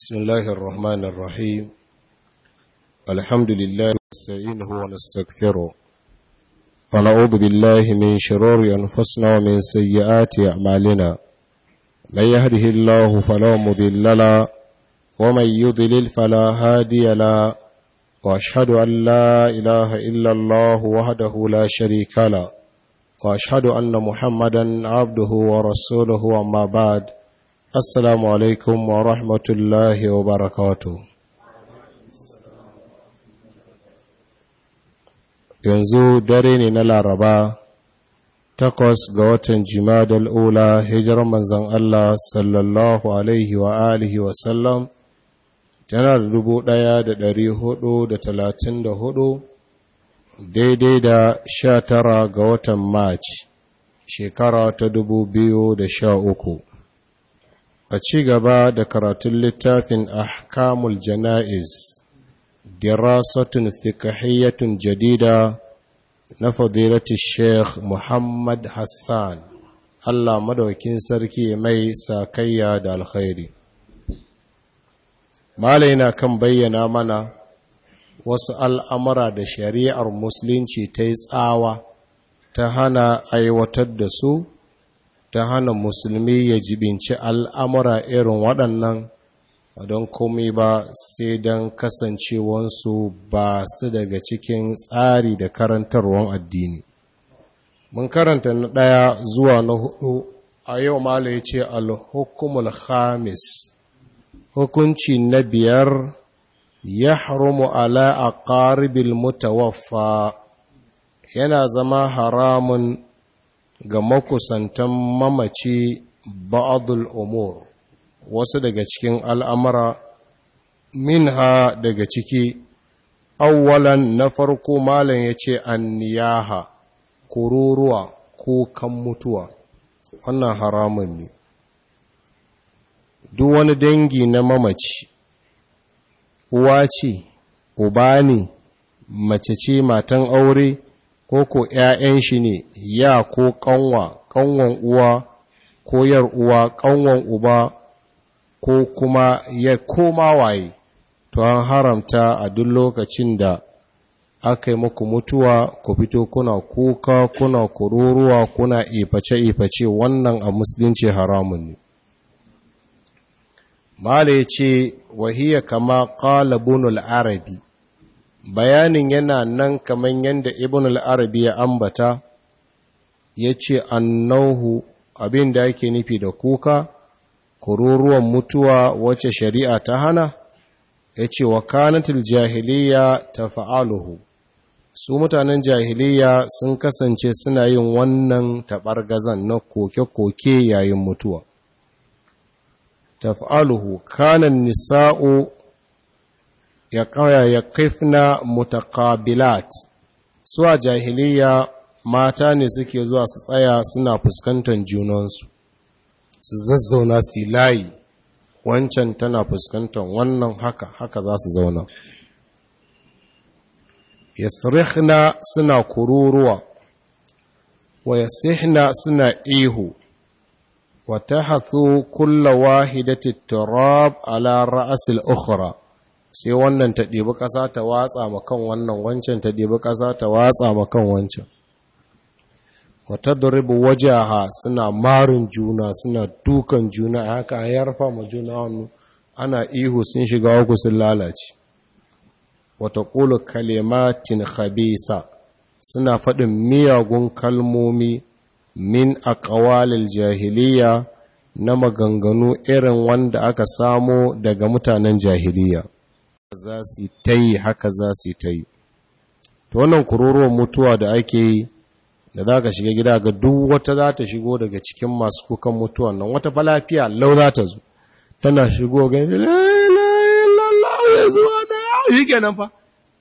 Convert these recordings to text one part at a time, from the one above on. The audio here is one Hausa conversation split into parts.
بسم الله الرحمن الرحيم الحمد لله نستعينه ونستغفره ونعوذ بالله من شرور أنفسنا ومن سيئات أعمالنا من يهده الله فلا مضل له ومن يضلل فلا هادي له وأشهد أن لا إله إلا الله وحده لا شريك له وأشهد أن محمدا عبده ورسوله أما بعد Assalamu alaikum wa rahmatullahi wa barakatu. Yanzu dare ne na Laraba, takwas ga watan Jimadal Ula, hijirar manzan Allah sallallahu Alaihi wa alihi wasallam, tana da dubu ɗaya da ɗari hudu da talatin da hudu, daidai da sha tara ga watan Maci, shekara ta dubu biyu da sha uku. a ci gaba da karatun littafin ahkamul jana'iz dirasatun fiqhiyyatun jadida na fadilati sheikh muhammad hassan allah madaukin sarki mai sakayya da alkhairi malai na kan bayyana mana wasu al'amura da shari'ar musulunci ta yi tsawa ta hana aiwatar da su ta hana musulmi ya jibinci al'amura irin waɗannan don komai ba sai don kasancewansu ba su daga cikin tsari da karantarwan addini mun karanta na ɗaya zuwa na hudu a yau mala ya ce alhukumul khamis hukunci na biyar ya haramu ala a ƙaribil mutawaffa yana zama haramun ga makusantan mamaci ba'adul umur wasu daga cikin al'amara ha daga ciki awwalan na farko malam ya ce anniyaha kururuwa ko kan mutuwa wannan haramun ne duk wani dangi na mamaci uwa ce uba ne mace ce matan aure ko ko ‘ya'yan shi ne ya ko ƙanwa, ƙanwan uwa, ko yar uwa, ƙanwan uba, ko kuma ya koma waye, to an haramta a duk lokacin da aka yi muku mutuwa ku fito kuna kuka kuna kururuwa kuna iface-iface wannan a musulunci haramun ne mala ya ce wahiyar kama ƙalabunul arabi bayanin yana nan kamar yadda ibn al'arabi ya ambata ya ce annauhu abin da yake nufi da kuka kururuwan mutuwa wacce shari'a ta hana ya ce wa kanatul jahiliya ta fa'aluhu su mutanen jahiliya sun kasance suna yin wannan taɓargazan na koke-koke yayin mutuwa ta fa’aluhu kanan nisa'u ya ƙara ya kaifna mutakabilat su a jahiliya mata ne suke zuwa su tsaya suna fuskantar junansu su zazzauna su layi wancan tana fuskantar wannan haka haka za su zauna yasrihna suna kururuwa wa yasihna suna ihu wa ta tahathu kulla wahidati turab ala ra'asil ukhra sai wannan ta ɗebi ƙasa ta watsa makan wannan wancan ta ɗebi ƙasa ta watsa makan wancan wata duribu wajaha suna marin juna suna dukan juna a haka ya yarfa ma juna wannan, ana ihu sun shiga uku sun lalace wata ƙulu kalimatin khabisa suna faɗin miyagun kalmomi min a ƙawalil jahiliya na maganganu irin wanda aka samo daga mutanen jahiliya za su ta yi haka za su ta yi to wannan kururuwar mutuwa da ake yi da za ka shiga gida ga duk wata za ta shigo daga cikin masu kukan mutuwan nan wata fa lau za ta zo tana shigo ga shi kenan fa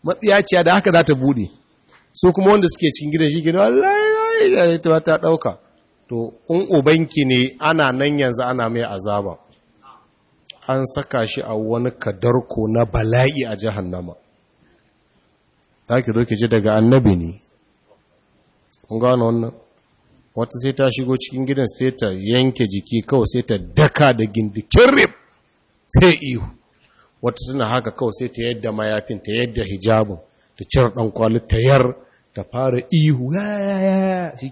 matsiyaciya da haka za ta buɗe su kuma wanda suke cikin gida shi ta ɗauka to in ubanki ne ana nan yanzu ana mai azaba an saka shi a wani kadarko na bala'i a jahannama ta ke zo ji daga annabi ne kun gano wannan wata sai ta shigo cikin gidan sai ta yanke jiki kawai sai ta daka da gindikin rib sai ihu wata tana haka kawai sai ta yadda mayafin ta yadda hijabin ta cire ɗan kwalit ta yar ta fara ihu ya ya shi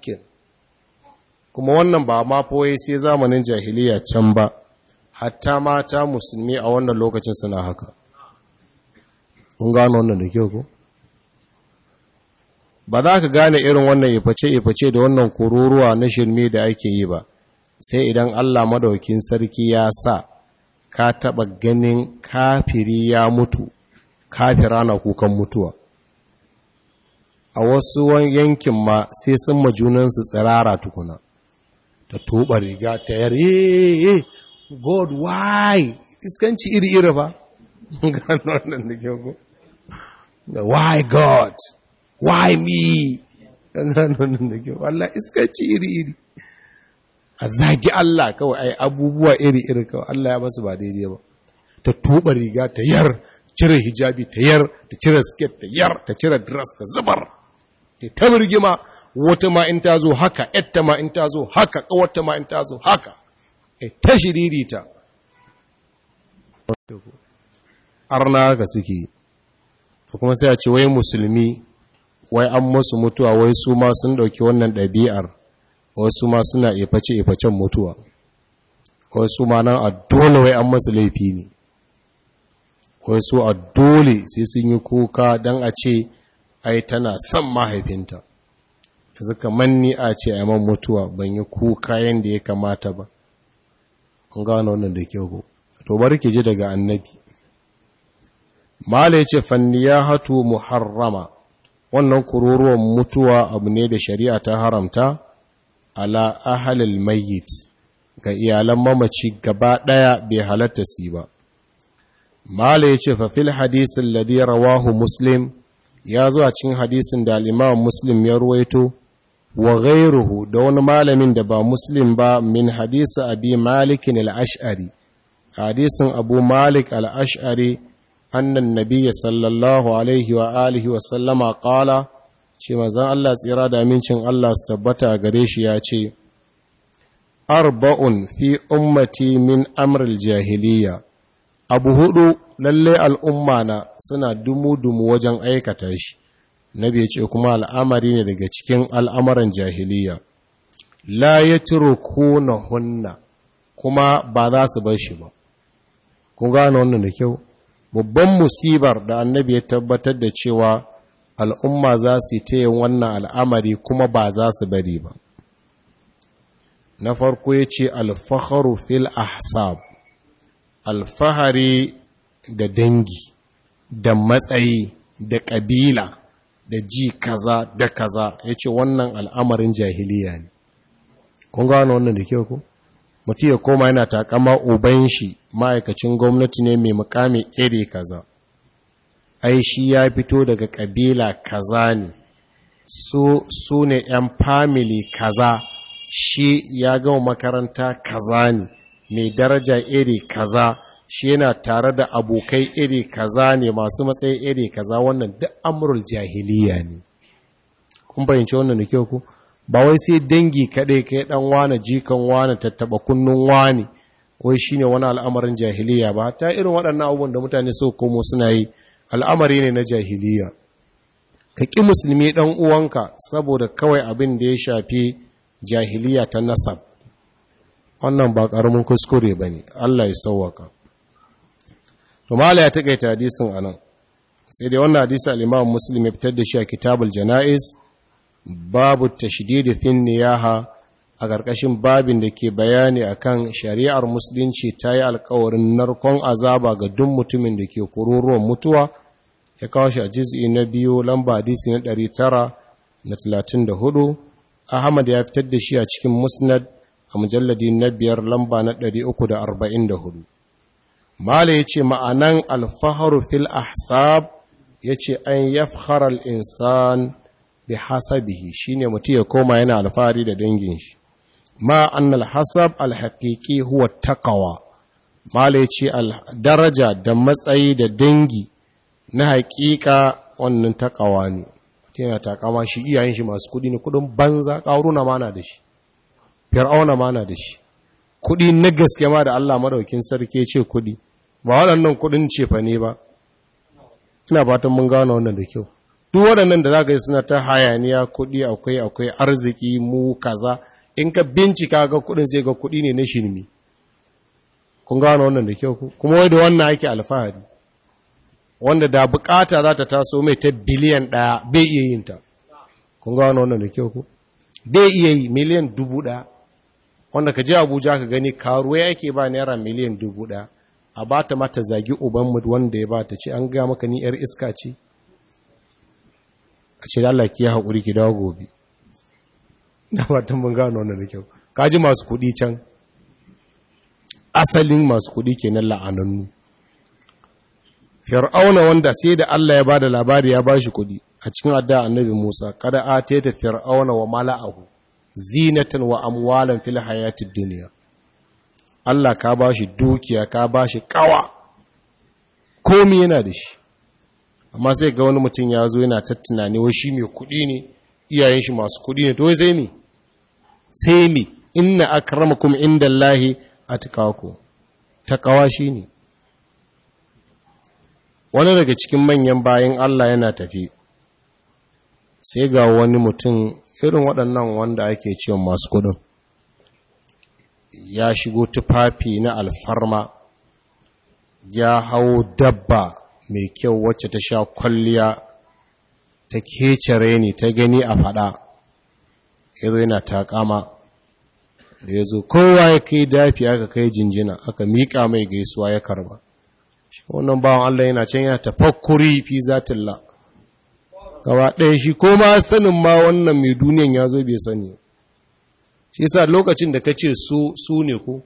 kuma wannan ba ma sai zamanin jahiliya can ba hatta mata musulmi a wannan lokacin suna haka mun gano wannan da kyau ko ba za ka gane irin wannan iface-iface da wannan kururuwa na shirme da ake yi ba sai idan Allah madaukin sarki ya sa ka taɓa ganin kafiri ya mutu kafira na kukan mutuwa a wasu yankin ma sai sun majunansu tsirara tukuna ta tuɓa riga ta yare God, why? Iskanci iri-iri ba. Gano nan da kyau ko? Why God? Why me? Gano nan da kyau. Allah iskanci iri-iri. A zagi Allah kawai ai abubuwa iri-iri kawai Allah ya basu ba daidai ba. Ta tuba riga ta yar, cire hijabi ta yar, ta cire sket ta yar, ta cire dress ta zubar. Ta ta birgima wata ma in ta zo haka, etta ma in ta zo haka, ƙawarta ma in ta zo haka. e ta shiririta arna ga suke kuma sai a ce wai musulmi wai an masu mutuwa wai su ma sun ɗauki wannan ɗabi'ar su ma suna iface-ifacen mutuwa wai su ma nan a dole wai an masu laifi ne wai su a dole sai sun yi kuka don a ce ai tana son mahaifinta yanzu kamar ni a ce a man mutuwa ban yi kuka yadda ya kamata ba an gano wannan da kyau ko to bari ki ji daga annabi mala yace fanniyahatu muharrama wannan kururuwan mutuwa abu ne da shari'a ta haramta ala ahlil mayyit ga iyalan mamaci gaba daya bai halatta si ba mala yace fa fil hadisin alladhi rawahu muslim ya zuwa cikin hadisin da al-imam muslim ya ruwaito wa ghairuhu da wani malamin da ba muslim ba min hadisi abi malikin al'ash'ari hadisin abu malik al'ash'ari annan nabiya sallallahu alaihi wa alihi wa sallama ƙala ce mazan Allah tsira da amincin Allah su tabbata gare shi ya ce arba'un fi ummati min amril jahiliya abu hudu lalle al'umma na suna dumu-dumu wajen aikata shi nabi ya ce kuma al'amari ne daga cikin al'amuran jahiliya la ya na hunna kuma ba za su bar shi ba kun gane wannan da kyau babban musibar da annabi ya tabbatar da cewa al'umma za su ta yin wannan al'amari kuma ba za su bari ba na farko ya ce alfaharu fil ahsab alfahari da dangi da matsayi da ƙabila da ji kaza da kaza ya ce wannan al'amarin jahiliya ne kun gano wannan da kyau ku mutu ya koma yana takama uban shi ma'aikacin gwamnati ne mai mukami iri kaza ai shi ya fito daga kabila kaza ne su su ne yan family kaza shi ya gama makaranta kaza ne mai daraja iri kaza shi yana tare da abokai iri kaza ne masu matsayi iri kaza wannan duk amrul jahiliya ne kun bayyance wannan da kyau ku ba wai sai dangi kaɗai kai ɗan wane jikan wane tattaba kunnun wane wai shine wani al'amarin jahiliya ba ta irin waɗannan abubuwan da mutane su komo suna yi al'amari ne na jahiliya ka ƙi musulmi ɗan uwanka saboda kawai abin da ya shafi jahiliya ta nasab wannan ba ƙaramin kuskure ba ne allah ya sauwaka to mala ya takaita hadisin anan sai dai wannan hadisi al-Imam Muslim ya fitar da shi a Kitabul Janaiz babu tashdid fi niyaha a ƙarƙashin babin da ke bayani akan shari'ar musulunci ta yi alƙawarin narkon azaba ga duk mutumin da ke kururuwan mutuwa ya kawo shi a jiz'i na biyu lamba hadisi na 934 talatin ahmad ya fitar da shi a cikin musnad a mujalladi na biyar lamba na 344 uku da arba'in da hudu mala ya ce ma'anan alfaharu fil ahsab ya ce an yafhara al'insan bi hasabihi shi ne mutu ya koma yana alfahari da dangin shi ma hasab alhaƙiƙi huwa takawa mala ya ce daraja da matsayi da dangi na haƙiƙa wannan takawa ne yana takama shi iyayen shi masu kudi ne kudin banza na mana da shi fir'auna mana da shi kudi na gaske ma da Allah madaukin sarki ce kudi ba waɗannan kuɗin cefa ne ba ina fatan mun gano wannan da kyau duk waɗannan da za ka yi suna ta hayaniya kuɗi akwai akwai arziki mu kaza in ka bincika ga kuɗin sai ga kuɗi ne na shirmi kun gano wannan da kyau ku kuma wai da wannan ake alfahari wanda da bukata za ta taso mai ta biliyan ɗaya bai iya yin ta kun gano wannan da kyau ku bai iya yi miliyan dubu ɗaya wanda ka je abuja ka gani karuwa yake ba naira miliyan dubu ɗaya a ba ta mata zagi ubanmu wanda ya ba ta ce an ga maka ni ‘yar iska ce a ce ki ya haƙuri ki dawo gobe na matan mun gano wannan da kyau kaji masu kuɗi can asalin masu kuɗi kenan la'anannu fir'auna wanda sai da Allah ya ba da labari ya ba shi kuɗi a cikin adda annabi Musa kada a ta fir'auna wa mala'ahu zinatan wa amwalan fil hayatid dunya Allah ka ba shi dukiya ka ba shi kawa komi yana da shi amma sai ga wani mutum ya zo yana tattuna ne wa shi mai kuɗi ne iyayen shi masu kuɗi ne to sai me sai me inna akramakum indallahi atqakum shi ne. wani daga cikin manyan bayan Allah yana tafi sai ga wani mutum irin waɗannan wanda ake cewa masu kuɗin ya shigo tufafi na alfarma ya hau dabba mai kyau wacce ta sha kwalliya ta kecere ni ta gani a fada ya zo yana takama da ya zo kowa ya kai dafi aka kai jinjina aka miƙa mai gaisuwa ya karba shi wannan bawan Allah yana can yana tafakkuri fi zatillah gaba ɗaya shi ko ma sanin ma wannan mai duniyan ya zo bai sani shi sa lokacin da ce su su ne ku?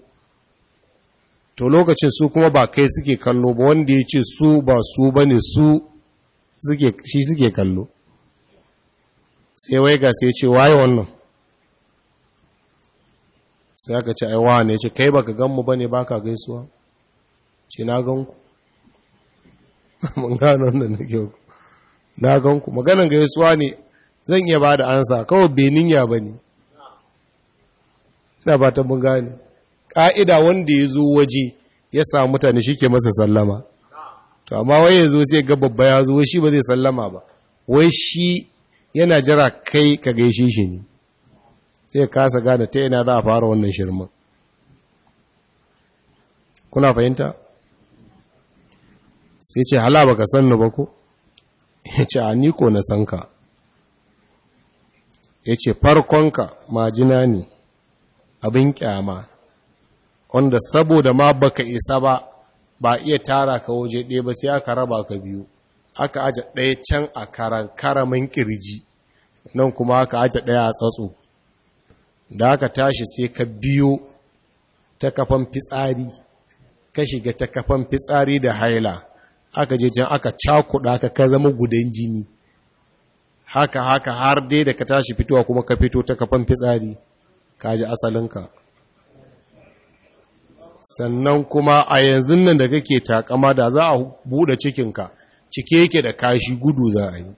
to lokacin su kuma ba kai suke kallo ba wanda ya ce su ba su ba ne su shi suke kallo sai wai ga sai ce waye wannan sai aka ce aiwa ne ce kai baka gan mu bane baka gaisuwa ce na gan ku mun gano nan da kyau na gan ku maganan gaisuwa ne zan iya bada ansa kawai benin ya bane ina ba ta mun gane ƙa'ida wanda ya zo waje ya samu mutane shi ke masa sallama to amma wai ya zo sai ga babba ya zo shi ba zai sallama ba wai shi yana jira kai ka gaishe shi ne sai kasa gane ta ina za a fara wannan shirma kuna fahimta sai ce hala baka sannu ba ko ya ce a niko na sanka ya ce farkonka majina ne abin kyama wanda saboda ma baka isa ba ba iya tara ka waje ɗaya ba sai aka raba ka biyu aka aje ɗaya can a karan karamin kirji nan kuma aka aje ɗaya a tsatso da aka tashi sai ka biyo ta kafan fitsari ka shiga ta kafan fitsari da haila aka je can aka cakuɗa ka ka zama gudan jini haka haka har dai da ka tashi fitowa kuma ka fito ta kafan fitsari ka ji asalinka sannan kuma a yanzu nan da kake takama da za a buɗe cikinka cike yake da kashi gudu za a yi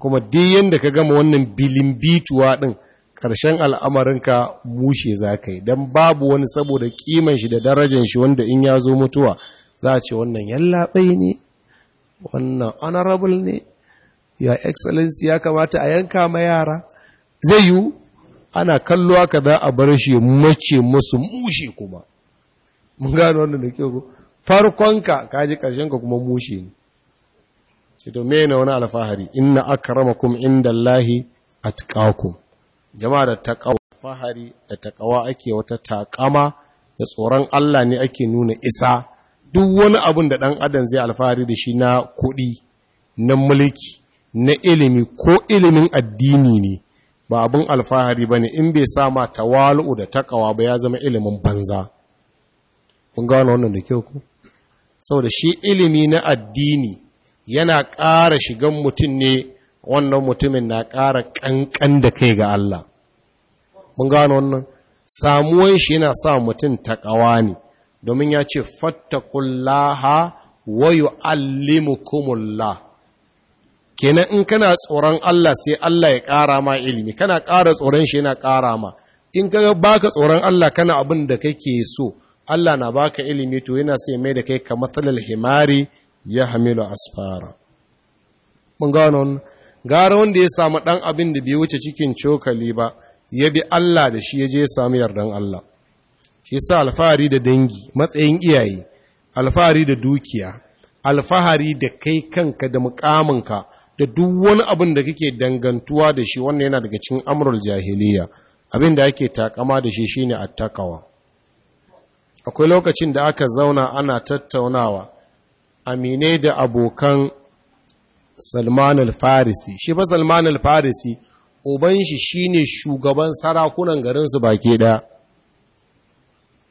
kuma duk yadda ka gama wannan bilin bituwa ɗin ƙarshen al'amarinka mushe za ka yi don babu wani saboda ƙiman shi da darajan shi wanda in ya zo mutuwa za a ce wannan yallaɓai ne wannan honorable ne ya excellence ya kamata a yanka ma yara zai yi ana kallo aka za a bar shi mace masu mushe kuma mun gano wannan da kyau farkonka ji karshenka kuma mushe ne shi to wani alfahari inna akramakum indallahi atqakum jama'a da taqwa fahari da taqwa ake wata takama da tsoron Allah ne ake nuna isa duk wani abun da dan adam zai alfahari da shi na kuɗi na mulki na ilimi ko ilimin addini ne ba abin alfahari ba ne in bai sa sama tawalu da takawa ba ya zama ilimin banza kun gano wannan da kyau ku saboda shi ilimi na addini yana ƙara shigan mutum ne wannan mutumin na ƙara ƙanƙan da kai ga Allah mun gano wannan samuwan shi yana sa mutum taƙawa ne domin ya ce fattakullaha wa yu'allimukumullah kenan in kana tsoron Allah sai Allah ya ƙara ma ilimi kana ƙara tsoron shi yana ƙara ma in ka baka tsoron Allah kana abin da kake so Allah na baka ilimi to yana sai mai da kai ka matsalar himari ya hamilu asfara mun gano gara wanda ya samu ɗan abin da bai wuce cikin cokali ba ya bi Allah da shi ya je samu yardan Allah shi sa alfahari da dangi matsayin iyaye alfahari da dukiya alfahari da kai kanka da mukaminka da duk wani abin da kake dangantuwa da shi wannan yana daga cikin amrul jahiliya abin da ake takama da shi shine attaqwa akwai lokacin da aka zauna ana tattaunawa amine da abokan Salman al-Farisi shi ba Salman al-Farisi uban shi shine shugaban sarakunan garinsu baki daya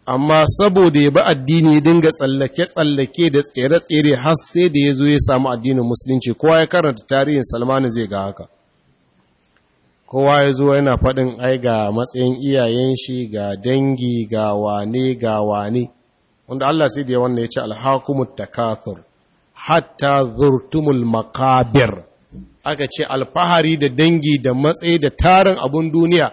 amma saboda ya ba addini ya dinga tsallake-tsallake da tsere-tsere har sai da ya zo ya samu addinin musulunci kowa ya karanta tarihin salmanu zai ga haka kowa ya zo yana faɗin ai ga matsayin iyayen shi ga dangi ga wane ga wane wanda Allah sai da ya wannan ya ce alhakumut takathur hatta zurtumul makabir aka ce alfahari da dangi da matsayi da tarin abun duniya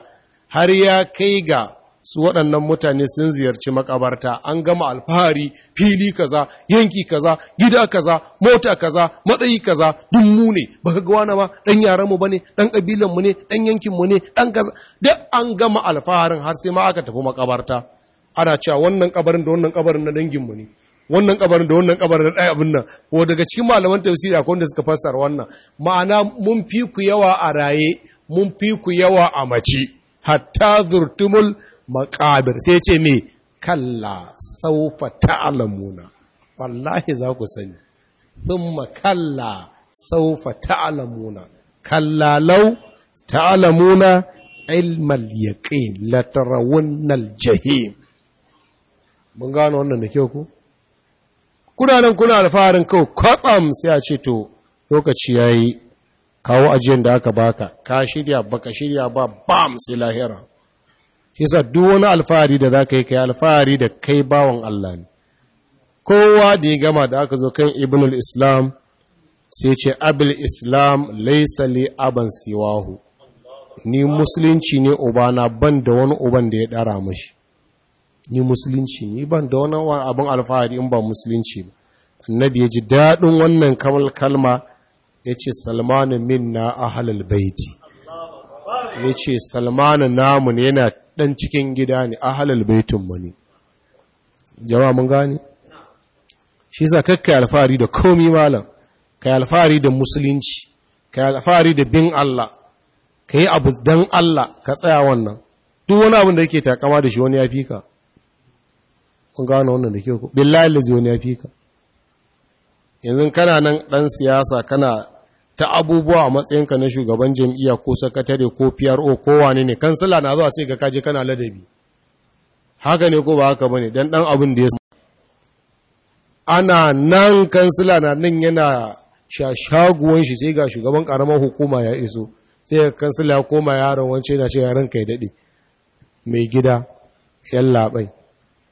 har ya kai ga su waɗannan mutane sun ziyarci makabarta an gama alfahari fili kaza yanki kaza gida kaza mota kaza matsayi kaza duk mu ne ba ga wani ba dan yaran mu bane dan kabilan mu ne dan yankin mu ne dan kaza duk an gama alfaharin har sai ma aka tafi makabarta ana cewa wannan kabarin da wannan kabarin na dangin mu ne wannan kabarin da wannan kabarin ɗaya abin nan ko daga cikin malaman tafsiri akwai wanda suka fassara wannan ma'ana mun fi ku yawa a raye mun fi ku yawa a mace hatta zurtumul makabir sai ce me kalla saufa ta'lamuna wallahi za ku sani thumma kalla saufa ta'lamuna kalla law ta'lamuna ilmal yaqin latarawunnal jahim mun gano wannan da kyau ku kuna nan kuna alfaharin kawai kwatsam sai a ce to lokaci ya yi, kawo ajiyar da aka baka ka shirya baka shirya ba bam sai lahira shi sa duk wani alfahari da za ka yi kai alfahari da kai bawan Allah ne kowa da ya gama da aka zo kan ibnul islam sai ce abil islam laisa li aban siwahu ni musulunci ne ubana ban da wani uban da ya dara mashi ni musulunci ne ban da wani abin alfahari in ba musulunci ba annabi ya ji daɗin wannan kamal kalma ya ce salmanin Minna a ahalal baiti ya ce salmanin namu ne yana ɗan cikin gida ne a halal baitinmu ne jama mun gani shi za ka kai alfahari da komi malam ka alfahari da musulunci ka alfahari da bin Allah ka yi abu don Allah ka tsaya wannan duk wani abin da yake takama da shi wani ya fi ka kun gano wannan da ke ku billahi lazi wani ya fi ka yanzu kana nan ɗan siyasa kana ta abubuwa a matsayinka na shugaban jam'iyya ko sakatare ko PRO ko wani ne kansila na zuwa sai ga kaje kana ladabi haka ne ko ba haka bane dan dan abin da ya ana nan kansila na nan yana shashaguwan shi sai ga shugaban karamar hukuma ya iso sai ga kansila koma yaron wance yana ce yaron kai dade mai gida yallabai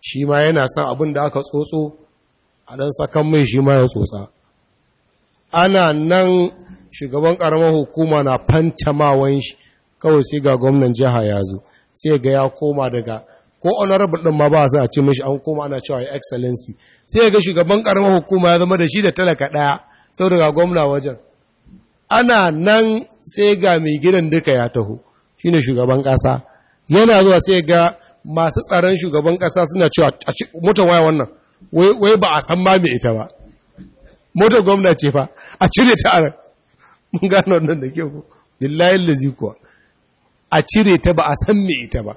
shi ma yana son abin da aka tsotso a dan sakan mai shi ma ya tsotsa ana nan shugaban karamar hukuma na fantamawan shi kawai sai ga gwamnan jiha ya zo sai ga ya koma daga ko honorable din ma ba sa ce mishi an koma ana cewa excellency sai ga shugaban karamar hukuma ya zama da shi da talaka daya sau daga gwamna wajen ana nan sai ga mai gidan duka ya taho shine shugaban kasa yana zuwa sai ga masu tsaron shugaban kasa suna cewa mutan waya wannan wai ba a san ba mai ita ba motar gwamna ce fa a cire ta a mun gano wannan da kyau ko billahi lazi kuwa a cire ta ba a san me ita ba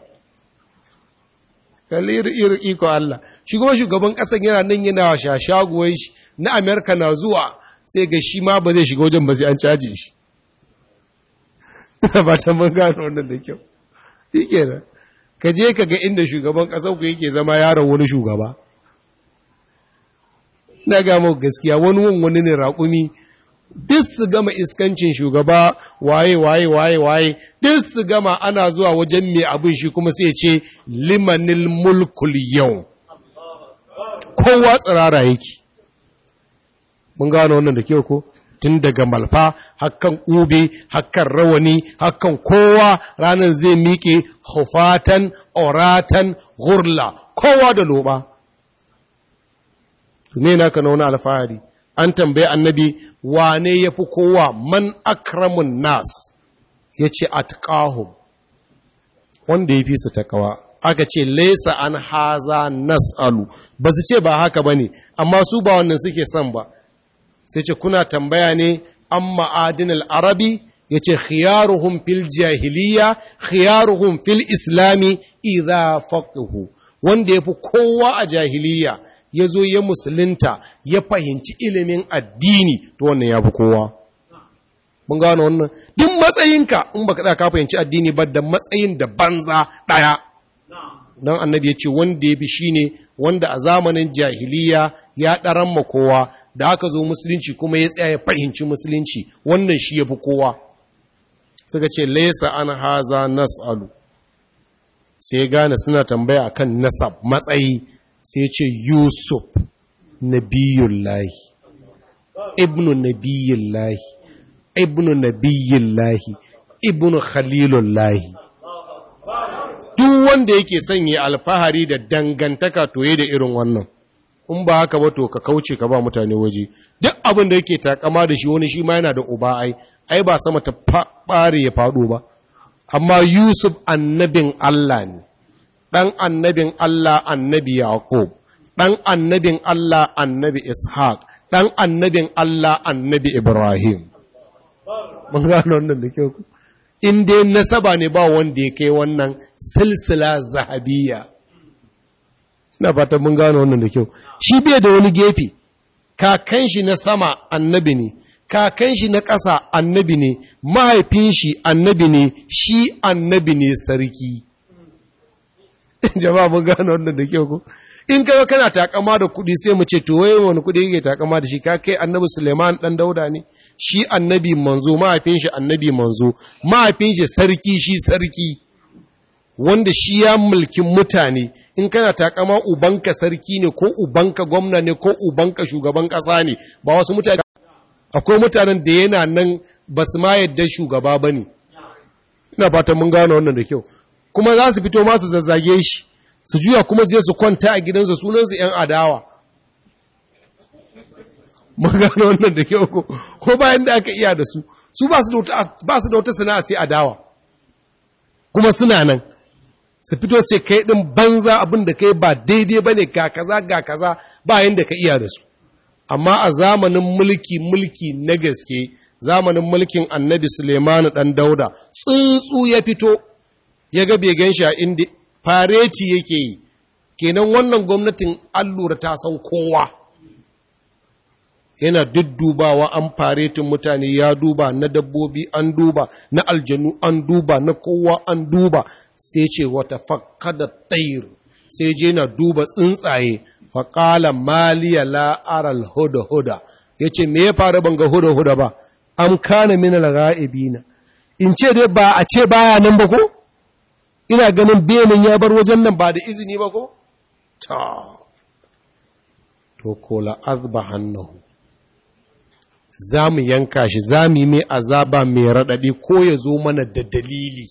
kalir iri iko Allah shi kuma shugaban kasan yana nan yana shashaguwai shi na Amerika na zuwa sai ga shi ma ba zai shiga wajen ba sai an caje shi ba ta mun gano wannan da kyau shi kenan ka je ka ga inda shugaban kasan ku yake zama yaron wani shugaba ina ga gaskiya wani wani ne raƙumi duk su gama iskancin shugaba waye waye waye waye duk su gama ana zuwa wajen mai abin shi kuma sai ce limanil mulkul yau kowa tsirara yake mun gano wannan da kyau ko tun daga malfa hakan ube hakan rawani hakan kowa ranar zai miƙe hufatan oratan gurla kowa da loba ne na ka alfahari an tambaye annabi wane ya fi kowa man akramun nas ya ce atqahum wanda ya fi su takawa aka ce laisa an haza nas'alu ba su ce ba haka ba ne amma su ba wannan suke son ba sai ce kuna tambaya ne an ma'adinal arabi ya ce khiyaruhun fil jahiliya khiyaruhun fil islami idha faqihu wanda ya fi kowa a jahiliya ya zo ya musulunta ya fahimci ilimin addini to wannan ya fi kowa mun gano wannan duk matsayinka in baka tsaya ka fahimci addini ba da matsayin da banza ɗaya. dan annabi ya ce wanda ya bi shine wanda a zamanin jahiliya ya ɗaran ma kowa da aka zo musulunci kuma ya tsaya ya fahimci musulunci wannan shi ya fi kowa suka ce laisa an haza nas'alu sai gane suna tambaya akan nasab matsayi sai ce yusuf lahi ibnu nabiyullahi ibnu nabiyullahi ibnu khalilullahi duk wanda yake sanya alfahari da dangantaka toye da irin wannan in ba haka ba to ka kauce ka ba mutane waje duk abin da yake takama da shi wani shi ma yana da uba ai ai ba sama ta bare ya fado ba amma yusuf annabin Allah ne ɗan annabin Allah annabi Yaƙub, ɗan annabin Allah annabi Ishaq, ɗan annabin Allah annabi Ibrahim. Mun gano wannan da kyau In dai nasaba ne ba wanda ya kai wannan silsila zahabiya. Ina fata mun gano wannan da kyau. Shi bai da wani gefe, kakan shi na sama annabi ne, kakan shi na ƙasa annabi ne, mahaifin shi annabi ne, shi annabi ne sarki. jama'a mun gano wannan da kyau ko in kai kana takama da kuɗi sai mu ce to wai wani kuɗi yake takama da shi ka kai annabi Suleiman dan Dauda ne shi annabi manzo mahaifin shi annabi manzo mahaifin shi sarki shi sarki wanda shi ya mulkin mutane in kana takama ubanka sarki ne ko ubanka gwamna ne ko ubanka shugaban kasa ne ba wasu mutane akwai mutanen da yana nan ba su ma yadda shugaba ba ne ina fatan mun gano wannan da kyau kuma za su fito masu zazzage shi su juya kuma zai su kwanta a gidansa sunansu ‘yan adawa magana wannan da ke uku, ko bayan da aka iya da su su ba su da wata sana'a sai adawa kuma suna nan su fito ce kai ɗin banza abin da kai ba daidai ba ne ga kaza ga kaza bayan da ka iya da su amma a zamanin mulki mulki na gaske zamanin mulkin annabi suleimanu ɗan dauda tsuntsu ya fito ya ga bai gan shi a inda fareti yake yi kenan wannan gwamnatin allura ta san kowa yana duddubawa an faretin mutane ya duba na dabbobi an duba na aljanu an duba na kowa an duba sai ce wata fakada tsayir sai je na duba tsuntsaye faƙala maliya la'aral huda-huda ya ce me ya faru banga huda-huda ba an kana mina laga'ibina in ce dai ba a ce baya nan ba ko ina ganin benin ya bar wajen nan ba da izini ba ko ta to ko hannu. za mu yanka shi za mu yi mai azaba mai raɗaɗi ko ya zo mana da dalili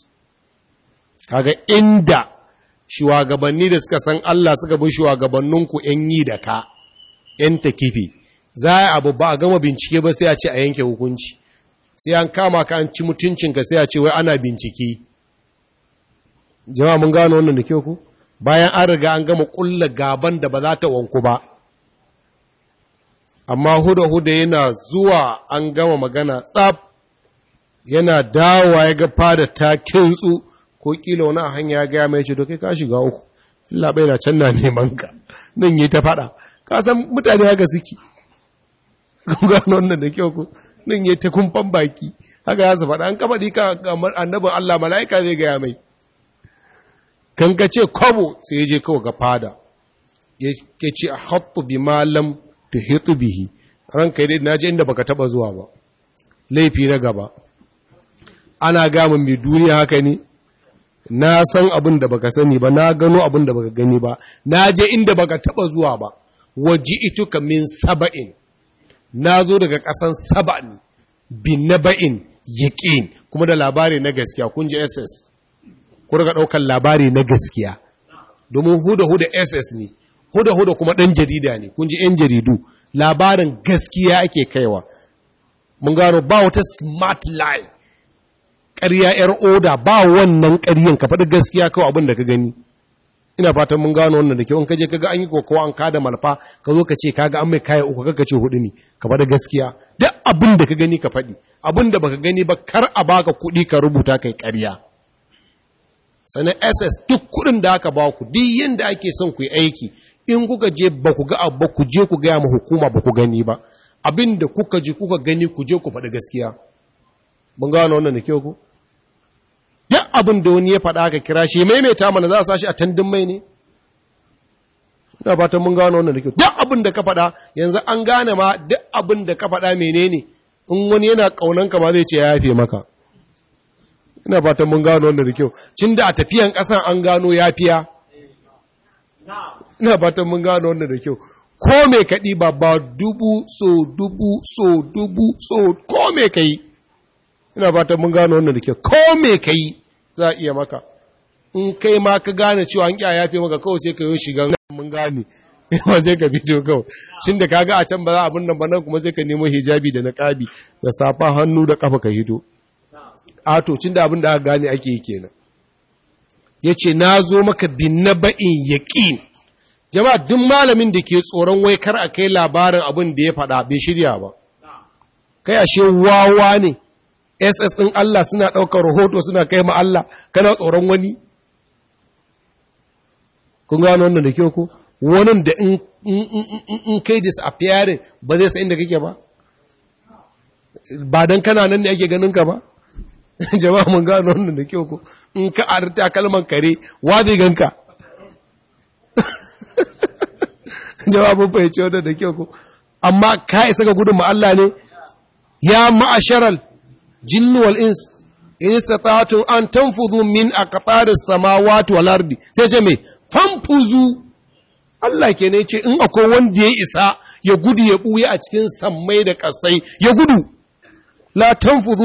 kaga inda shugabanni da suka san Allah suka bi shugabanninku ‘yan yi da ka, ‘yan ta kifi, za a abu ba a gama bincike ba sai a ce a yanke hukunci, sai an kama ka an ci mutuncinka sai a ce wai ana bincike, jama'a mun gano wannan da ke ku bayan an riga an gama kulla gaban da ba za ta wanku ba amma huda huda yana zuwa an gama magana tsaf. yana dawa ya ga fada ta kintsu ko kila wani a hanya ga ya mai ce to kai ka shiga uku illa bai na can na neman ka nan yi ta fada ka san mutane haka suke kun gano wannan da kyau ku nan yi ta kumfan baki haka ya su faɗa an kama dika kamar annabin Allah mala'ika zai gaya mai kan ka ce kwabo sai ya je kawo ga fada ya ce a hattu bi malam ta hitu bihi ranka yi na je inda baka taba zuwa ba laifi na gaba ana gamin mai duniya haka ne na san abin da baka sani ba na gano abin da baka gani ba na je inda baka taba zuwa ba waji ituka min saba'in na zo daga ƙasan saba'in bin ba'in yaƙin kuma da labari na gaskiya kun ji ss ku riga ɗaukar labari na gaskiya domin huda huda ss ne huda huda kuma ɗan jarida ne kun ji 'yan jaridu labarin gaskiya ake kaiwa mun gano ba wata smart line ƙarya 'yar oda ba wannan ƙaryan ka faɗi gaskiya kawai abin da ka gani ina fatan mun gano wannan da kyau in ka je kaga an yi kokowa an kada malfa ka zo ka ce kaga an mai kaya uku kaga ce hudu ne ka faɗi gaskiya duk abin da ka gani ka faɗi abin da baka gani ba kar a baka kuɗi ka rubuta kai ƙarya sannan ss duk kudin da aka ba ku duk yadda ake son ku yi aiki in kuka je ba ku ga abu ku je ku gaya ma hukuma ba ku gani ba abin da kuka ji kuka gani ku je ku faɗi gaskiya mun gano wannan da kyau ku duk abin da wani ya faɗa aka kira shi maimaita mana za a sa shi a tandin mai ne ina fatan mun gano wannan da kyau duk abin da ka faɗa yanzu an gane ma duk abin da ka faɗa menene in wani yana ƙaunanka ba zai ce ya yafe maka ina fatan mun gano wannan da kyau cin da a tafiyan ƙasan an gano yafiya ina fatan mun gano wannan da kyau ko mai kaɗi ba ba dubu so dubu so dubu so ko mai ka yi ina fatan mun gano wannan da kyau ko mai ka yi za a iya maka in kai ma ka gane cewa an ya yafe maka kawai sai ka yi shiga mun gane ba zai ka fito kawai shin da ka ga a can ba za abin nan ba nan kuma zai ka nemo hijabi da niqabi da safa hannu da kafa ka hito a cin da abin da aka gane ake yi kenan ya ce na zo maka bin na ba'in yaƙin jama'a duk malamin da ke tsoron wai kar a kai labarin abin da ya faɗa bai shirya ba kai ashe wawa ne ss ɗin allah suna ɗaukar rahoto suna kai ma allah kana tsoron wani kun gano wannan da kyau ko wannan da in kai a fiyarin, ba zai sa inda kake ba ba don kana nan ne ake ganin ka ba jama'a mun gano wannan da kyau ko in ka arta kalmar kare wa zai ganka jama'a mun fahimci wannan da kyau ko amma ka isa ga gudun Allah ne ya ma'asharal jinni wal ins in an tanfudu min aqtaris samawati wal ardi sai ce mai fanfuzu Allah ke ne ce in akwai wanda ya isa ya gudu ya buya a cikin sammai da ƙasai ya gudu la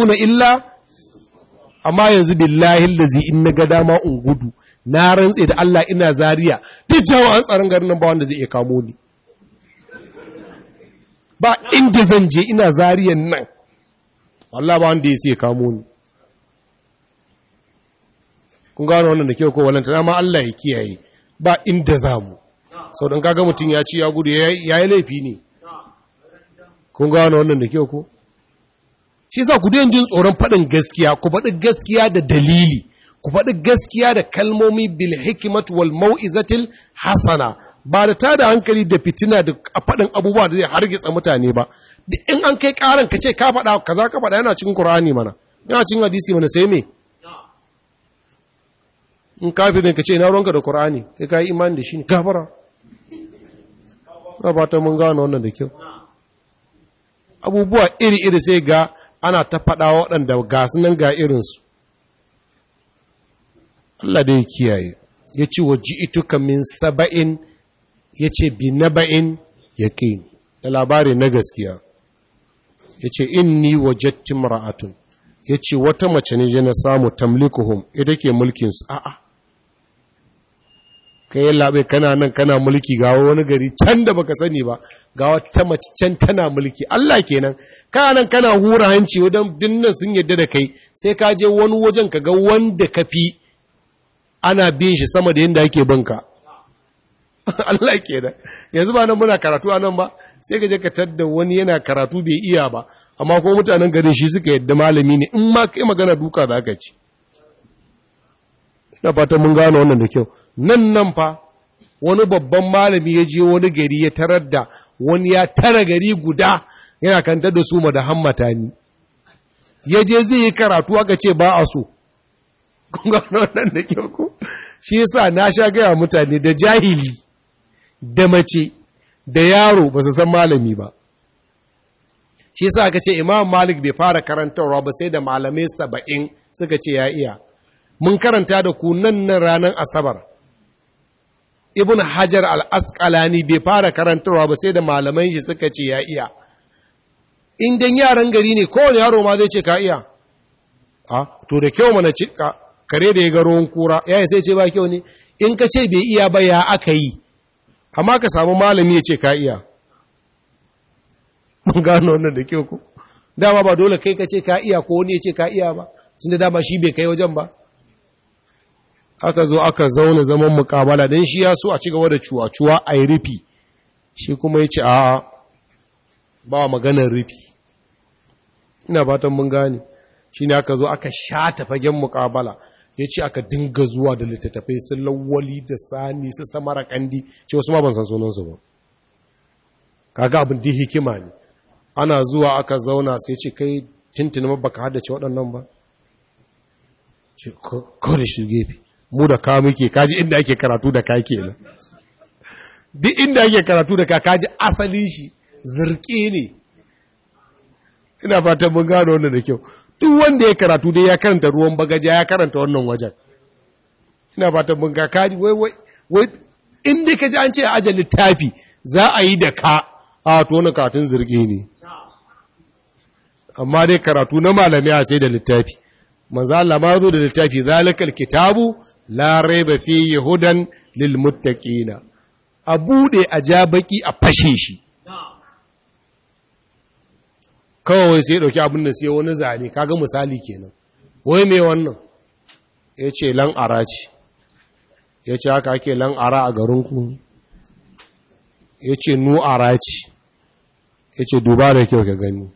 na illa amma yanzu billahi da in na ga dama in gudu na rantse da Allah ina zariya duk jama'an tsaron garin nan ba wanda zai iya kamo ni ba inda zan je ina zariyan nan Allah ba wanda ya sai kamo ni kun gano wannan da kyau ko walanta amma Allah ya kiyaye ba inda zamu sau don kaga mutum ya ci ya gudu ya yi laifi ne kun gano wannan da kyau ko shi sa ku jin tsoron faɗin gaskiya ku faɗi gaskiya da dalili ku faɗi gaskiya da kalmomi bil hikimat wal mau'izatil hasana ba da tada hankali da fitina da faɗin abubuwa da zai hargitsa mutane ba duk in an kai ƙarin ka ce ka faɗa kaza ka faɗa yana cikin qur'ani mana yana cikin hadisi mana sai me in kafirin ka ce na ronka da qur'ani kai ka yi imani da shi ne gafara na ba ta mun gano wannan da kyau abubuwa iri-iri sai ga ana ta faɗa waɗanda ga nan ga irinsu Allah da ya kiyaye ya ce wa ituka min saba'in ya ce bi Ya ke da labari na gaskiya ya ce in inni waje mar'atun ya ce wata mace ne na samu tamlikuhum ita ke mulkinsu a'a kai yin labe kana nan kana mulki ga wani gari can da baka sani ba ga wata mace can tana mulki Allah kenan kana nan kana hura hanci wadan dinnan sun yadda da kai sai ka je wani wajen ka ga wanda ka fi ana bin shi sama da yanda ake banka Allah kenan yanzu ba nan muna karatu anan ba sai ka je ka tadda wani yana karatu bai iya ba amma ko mutanen garin shi suka yadda malami ne in ma kai magana duka zaka aka ci na fata mun gane wannan da kyau nan nan fa wani babban malami ya je wani gari ya tarar da wani ya tara gari guda yana kanta da su ma da hammata ni ya je zai yi karatu aka ce ba a so kun nan da kyau ko shi yasa na sha gaya mutane da jahili da mace da yaro ba su san malami ba shi yasa aka ce imam malik bai fara karantarwa ba sai da malamai saba'in suka ce ya iya mun karanta da ku nan nan ranar asabar ibn hajar al-asqalani bai fara karantarwa ba sai da malaman shi suka ce ya iya in yaran gari ne kowane yaro ma zai ce ka iya a to da kyau mana cika kare da ya ga ruwan kura ya sai ce ba kyau ne in ka ce bai iya ba ya aka yi amma ka samu malami ya ce ka iya mun gano wannan da kyau ko dama ba dole kai ka ce ka iya ko wani ya ce ka iya ba tunda dama shi bai kai wajen ba aka zo aka zauna zaman mukabala don shi ya so a ci gaba da cuwa-cuwa a yi rufi shi kuma ya ce a ba maganar rufi ina fatan mun gane shi ne aka zo aka shata fagen mukabala ya ce aka dinga zuwa da littattafai sun lawali da sani su samara kandi ce wasu ma ban san sunansu ba kaga abin da hikima ne ana zuwa aka zauna sai ce kai tintin ma baka haddace waɗannan ba ko da shi gefe mu da ka muke kaji inda ake karatu da ka nan, duk inda ake karatu da ka kaji asalin shi zirki ne ina fatan mun gano wannan da kyau duk wanda ya karatu dai ya karanta ruwan bagaja ya karanta wannan wajen ina fatan mun ga kaji wai wai wai in dai kaji an ce a ajal littafi za a yi da ka a to wannan karatun zirki ne amma dai karatu na malami a sai da littafi manzo Allah ma zo da littafi zalikal kitabu la raiba fi yahudan lil muttaqina a bude a ja baƙi a fashe shi kawai sai dauki abin da sai wani zane kaga misali kenan wai me wannan yace lan ara ce yace haka ake lan ara a garin ku yace nu ara ce yace duba da kyau ka gani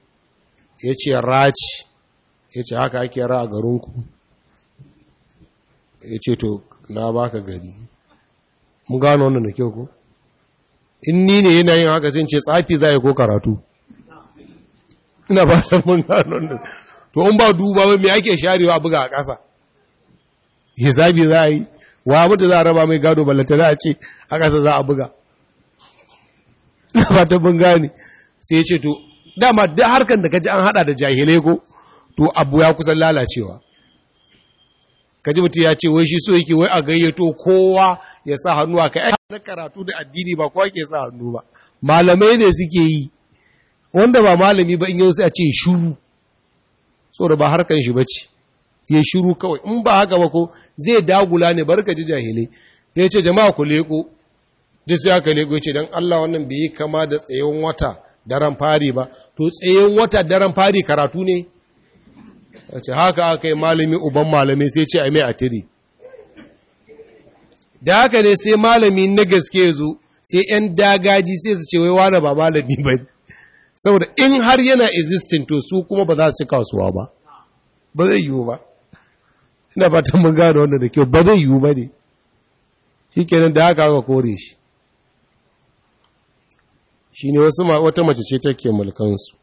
yace raci yace haka ake ra a garin ku ya ce to na baka gari mun gano wannan da kyau ko in ni ne yana yin haka sai ce tsafi za ya ko karatu ina ba ta mun gano wannan to in ba duba ba me ake sharewa buga a ƙasa hisabi za a yi wa mutu za a raba mai gado ballanta za a ce a ƙasa za a buga ina ba ta mun gane sai ya ce to dama duk harkar da kaji an hada da jahilai ko to abu ya kusan lalacewa kaji mutum ya ce wai shi so yake wai a gayyato kowa ya sa hannu a kai na karatu da addini ba kowa ke sa hannu ba malamai ne suke yi wanda ba malami ba in yau sai a ce shuru saboda ba harkan shi bace ya shuru kawai in ba haka ba ko zai dagula ne barka ji jahilai ya ce jama'a ku leko duk sai aka leko ya ce dan Allah wannan bai kama da tsayon wata daren fari ba to tsayon wata daren fari karatu ne a ce haka aka yi malami uban malami sai ce a mai a tiri da haka ne sai malami na gaske zo sai 'yan dagaji sai su ce wai wane ba malami ba saboda in har yana existing to su kuma ba za su ci kasuwa ba ba zai yiwu ba ina fatan mun gane wannan da kyau ba zai yiwu ba ne shi kenan da haka aka kore shi shi ne wasu wata mace ce take mulkansu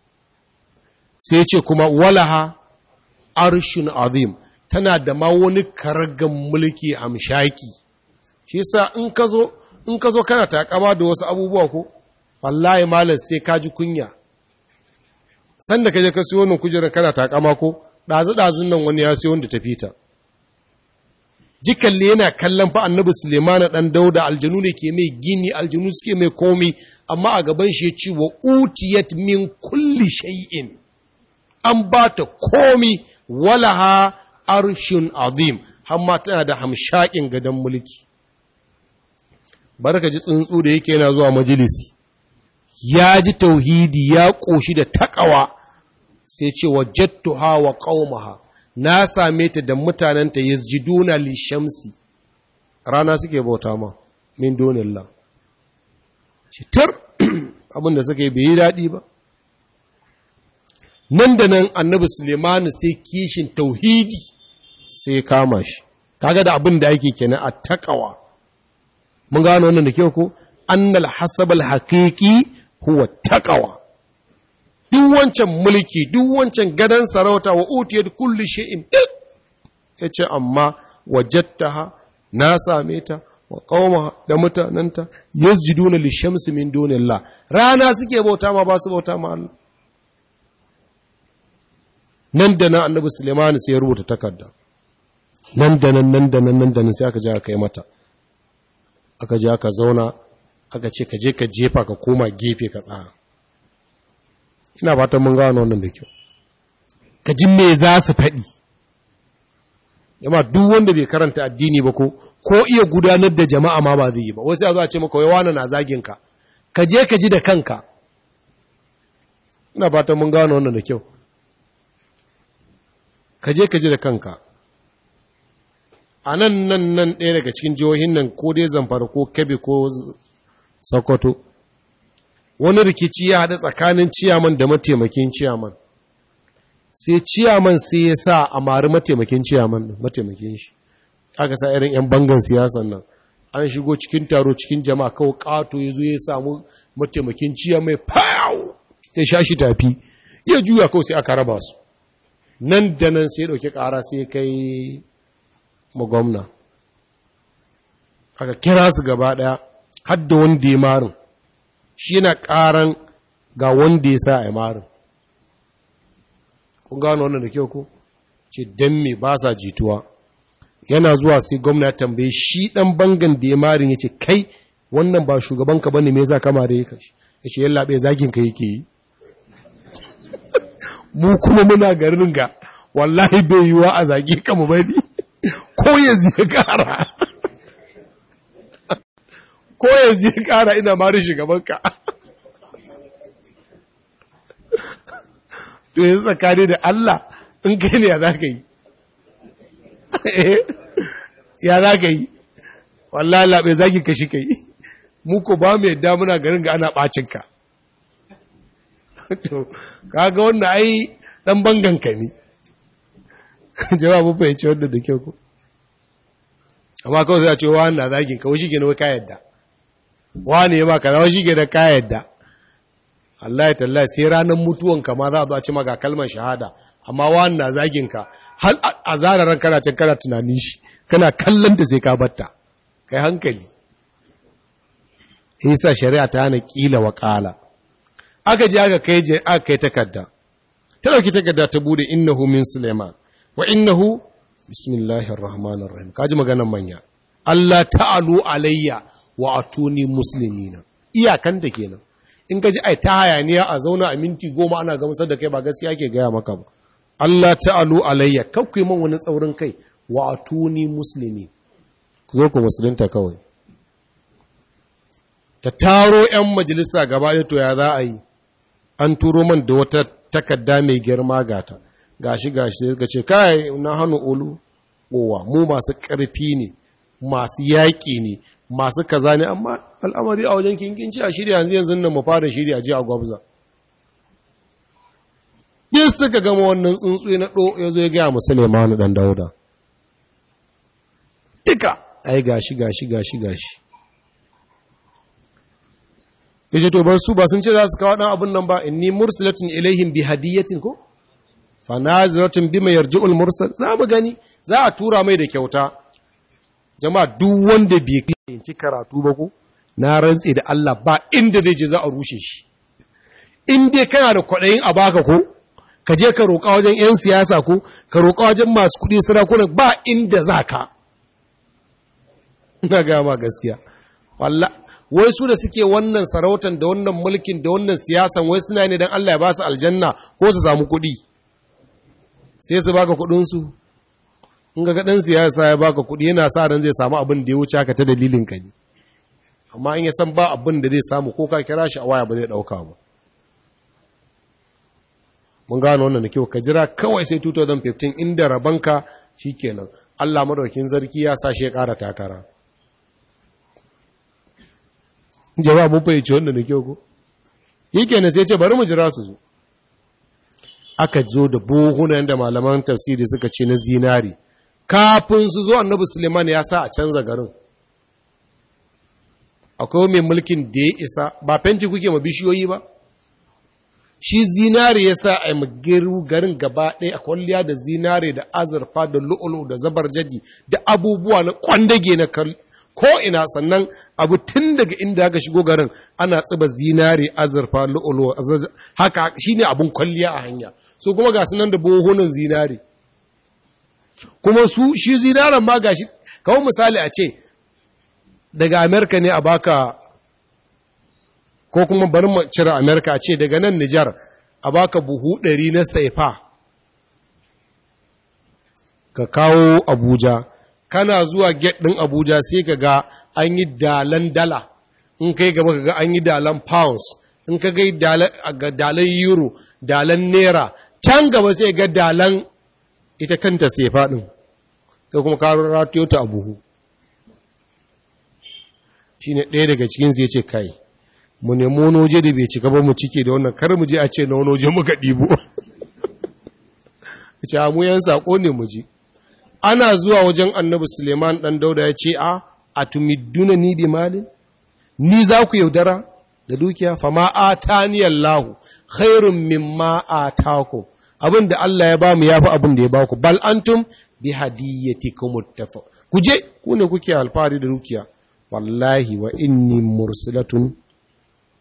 sai ce kuma walaha Arshin azim tana da ma wani karagan mulki mishaki shi sa in ka zo kana takama da wasu abubuwa ko wallahi malam sai ka ji kunya sanda ka je ka siyo wani kujerar kana takama ko dazu dazun nan wani ya siyo wanda ta fita jikalle yana kallon fa annabi suleiman dan Dauda aljanu ne ke mai gini aljanu suke mai komi amma a gaban shi ya ce wa utiyat min kulli shay'in an ba ta komi walaha arshin azim ma tana da hamshakin gadon mulki barka ji tsuntsu da yake yana zuwa majalisi ya ji tauhidi ya ƙoshi da takawa sai ce wajattuha wa qaumaha na same ta da mutanen ta, mutanenta li shamsi. rana suke bauta ma min dunillah citar abinda suka yi bai daɗi ba nan da nan annabi sulemanu sai kishin tauhidi sai ya kama shi kaga da abin da yake kenan a takawa mun gano wannan da kyau ko annal hasabal haqiqi huwa takawa duk wancan mulki duk wancan gadan sarauta wa utiyat kulli shay'in yace amma wajadtaha na same ta wa qauma da mutananta yajiduna lishamsi min dunillah rana suke bauta ma ba su bauta ma Allah nan da nan annabi suleiman sai ya rubuta takarda nan da nan nan da nan nan da nan sai aka je aka kai mata aka je aka zauna aka ce ka je ka jefa ka koma gefe ka tsaya ina fatan mun gano wannan da kyau ka ji me za su faɗi amma duk wanda bai karanta addini ba ko ko iya gudanar da jama'a ma ba zai yi ba wasu a zo a ce maka wai wani na zagin ka ka je ka ji da kanka ina fatan mun gano wannan da kyau ka je ka ji da kanka a nan nan nan ɗaya daga cikin jihohin nan ko dai zamfara ko kebe ko sokoto wani rikici ya haɗa tsakanin ciyaman da mataimakin ciyaman sai ciyaman sai ya sa a mari mataimakin ciyaman mataimakin shi aka sa irin 'yan bangan siyasan nan an shigo cikin taro cikin jama'a kawai ƙato ya zo ya samu mataimakin ciya mai fayawo ya sha shi tafi ya juya kawai sai aka raba su nan da nan sai ɗauki ƙara sai kai mu gwamna aka kira su gaba ɗaya har da wanda ya marin shi yana ƙaran ga wanda ya sa a marin kun gano wannan da kyau ko ce don me ba sa jituwa yana zuwa sai gwamna ya tambaye shi ɗan bangan da ya marin ya ce kai wannan ba shugabanka ba ne me za ka da ya ce yallaɓe ka yake yi mu kuma muna garin ga wallahi bai wa a zage ka mu bari ko ya zai kara ko ya zai kara ina ma rishi gaban ka to yanzu tsakani da Allah in kai ne ya za ka yi eh, ya za ka yi wallahi labai zaki kashi yi. mu ko ba mu yadda muna garin ga ana bacin ka to kaga wannan ai dan banganka ne jawabu fa yace wanda da kyau ko amma kawai zai a ce wani na zagin ka shi gina ka yadda wani ya maka zawa shi gina ka yadda Allah ya talla sai ranar mutuwan ka ma za a zo a ci maka kalmar shahada amma wani na zagin ka har a zararan kana can kana tunanin shi kana kallon ta sai ka batta kai hankali isa shari'a ta hana kila wa kala aka je aka kai je aka kai takarda ta dauki takarda ta bude innahu min Suleiman wa innahu bismillahir rahmanir rahim kaji maganar manya Allah ta'alu alayya wa atuni muslimina iyakan da kenan in ka ji ai ta hayaniya a zauna a minti goma ana gamsar da kai ba gaskiya ke gaya maka ba Allah ta'alu alayya kakku man wani tsaurin kai wa atuni muslimi ku zo ku musulunta kawai ta taro 'yan majalisa gaba to ya za a yi an turo man da wata takarda mai girma gata gashi gashi ga ce kai na hannu ulu kowa mu masu ƙarfi ne masu yaƙi ne masu kaza ne amma al'amari a wajen kinkinci a shirya yanzu yanzu nan mu fara shirya ji a gwabza duk suka gama wannan tsuntsu na ɗo ya zo ya gaya musulmanu ɗan dauda Dika! ai gashi gashi gashi gashi ya to bar su ba sun ce za su kawo ɗan abun nan ba inni mursalatin ilaihim bi hadiyatin ko fa nazratin bima yarji'ul mursal za mu gani za a tura mai da kyauta jama'a duk wanda bai fahimci karatu ba ko na rantse da Allah ba inda zai je za a rushe shi in dai kana da kwaɗayin a baka ko ka je ka roƙa wajen 'yan siyasa ko ka roƙa wajen masu kuɗi sarakuna ba inda za ka ina gama gaskiya walla wai su da suke wannan sarautan da wannan mulkin da wannan siyasan wai suna ne don Allah ya ba su aljanna ko su samu kuɗi sai su baka kuɗinsu in ga ɗan siyasa ya baka kuɗi yana sa ran zai samu abin da ya wuce haka ta dalilin ka ne amma in ya san ba abin da zai samu ko ka kira shi a waya ba zai ɗauka ba mun gano wannan da kyau ka jira kawai sai 2015 inda rabanka shikenan Allah madaukin zarki ya sa shi ya ƙara takara jawa mun fahimci wannan da kyau ko yake ne sai ce bari mu jira su zo aka zo da buhunan da malaman tafsiri suka ce na zinari kafin su zo annabi suleiman ya sa a canza garin akwai mai mulkin da ya isa ba fenti kuke ma bishiyoyi ba shi zinari ya sa a magiru garin gaba ɗaya a kwalliya da zinari da azurfa da lu'ulu da zabar jaji da abubuwa na kwandage na ko'ina sannan abu tun daga inda aka shigo garin ana tsiba zinare azurfa lo'olo haka shi ne abin kwalliya a hanya su kuma ga nan da bohunan zinare kuma su shi zinaren ma ga shi kawai misali a ce daga amerika ne a baka ko kuma bari mu cire amerika a ce daga nan nijar a baka buhu ɗari na saifa ka kawo abuja kana zuwa gate ɗin abuja sai ka ga an yi dalan dala in kai gaba ka ga an yi dalan pounds in ka ga dalan euro dalan naira can gaba sai ga dalan ita kanta sai faɗin ka kuma karo ratiyo ta abuhu shi ne ɗaya daga cikin zai ce kai mu ne monoje da bai cika ba mu cike da wannan kar mu je a ce na wani waje muka ɗibo ce mu yan saƙo ne mu ji ana zuwa wajen annabi suleiman ɗan dauda ya ce a a tumiduna ni bi malin ni za ku yaudara da dukiya fama atani Allahu khairun a ataku abin da Allah ya bamu ya fi abin da ya baku bal antum bi kuma tafa ku je ku ne kuke alfahari da dukiya wallahi wa inni mursilatun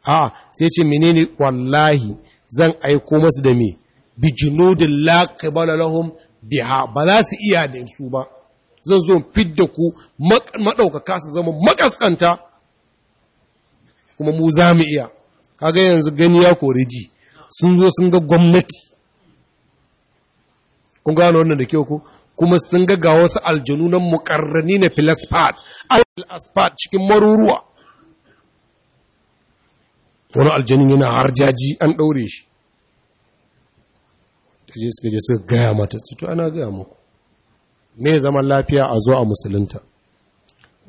a sai ce menene wallahi zan aiko masu da me bi junudin lahum biha ba za su iya da su ba zan zo da ku maɗaukaka su zama makaskanta kuma mu za mu iya kaga yanzu gani ya kori ji sun zo sun ga gwamnati kun gano wannan da kyau ku kuma sun ga ga wasu aljanu na mukarrani na filaspat al-asfat cikin maruruwa wani aljanu yana harjaji an ɗaure shi ta je suka je suka gaya mata cito ana gaya muku me zaman lafiya a zo a musulunta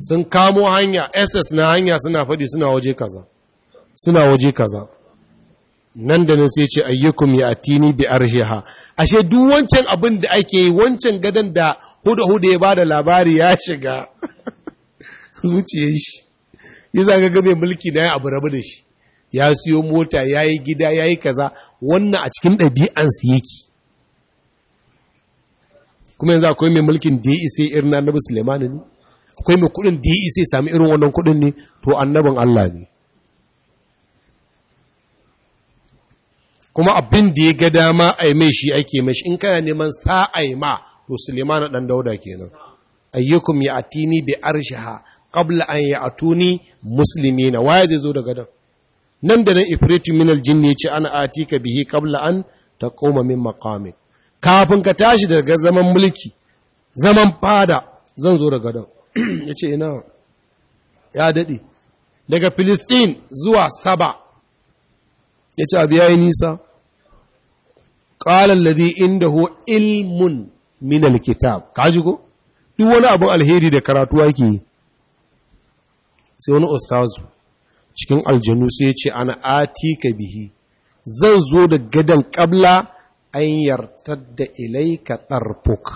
sun kamo hanya ss na hanya suna faɗi suna waje kaza suna waje kaza nan da nan sai ce ayyukum ya atini bi arshiha ashe duk wancan abin da ake yi wancan gadan da hudu-hudu ya bada labari ya shiga zuciyar shi yasa zaga gane mulki na ya abu rabu da shi ya siyo mota ya yi gida ya yi kaza wannan a cikin ɗabi'ansu yake kuma yanzu akwai mai mulkin da ya isa irin annabi Sulaiman ne akwai mai kudin da e ya isa sami irin wannan kudin ne to annabin Allah ne kuma abin da ya ga dama a yi mai shi ake mashi in kana neman sa'ai ma to Sulemanu dan Dauda kenan ayyukum ya atini bi ha? qabla an ya atuni muslimina waye zai zo daga nan nan da nan ifritu min aljinni ce ana atika bihi kabla an taquma min maqamik kafin ka tashi daga zaman mulki zaman fada zan zo da gadon ya ce ina ya daɗe daga Filistin zuwa Saba, ya ce abu ya yi nisa, ƙalar lade inda ho ilmun min alkitab, kaji ko? Duk wani abin alheri da karatu ake yi, sai wani ostazu cikin aljanu sai ya ce ana ati ka bihi, zan zo da gadon ƙabla an yartar da ilaika ɗarfuk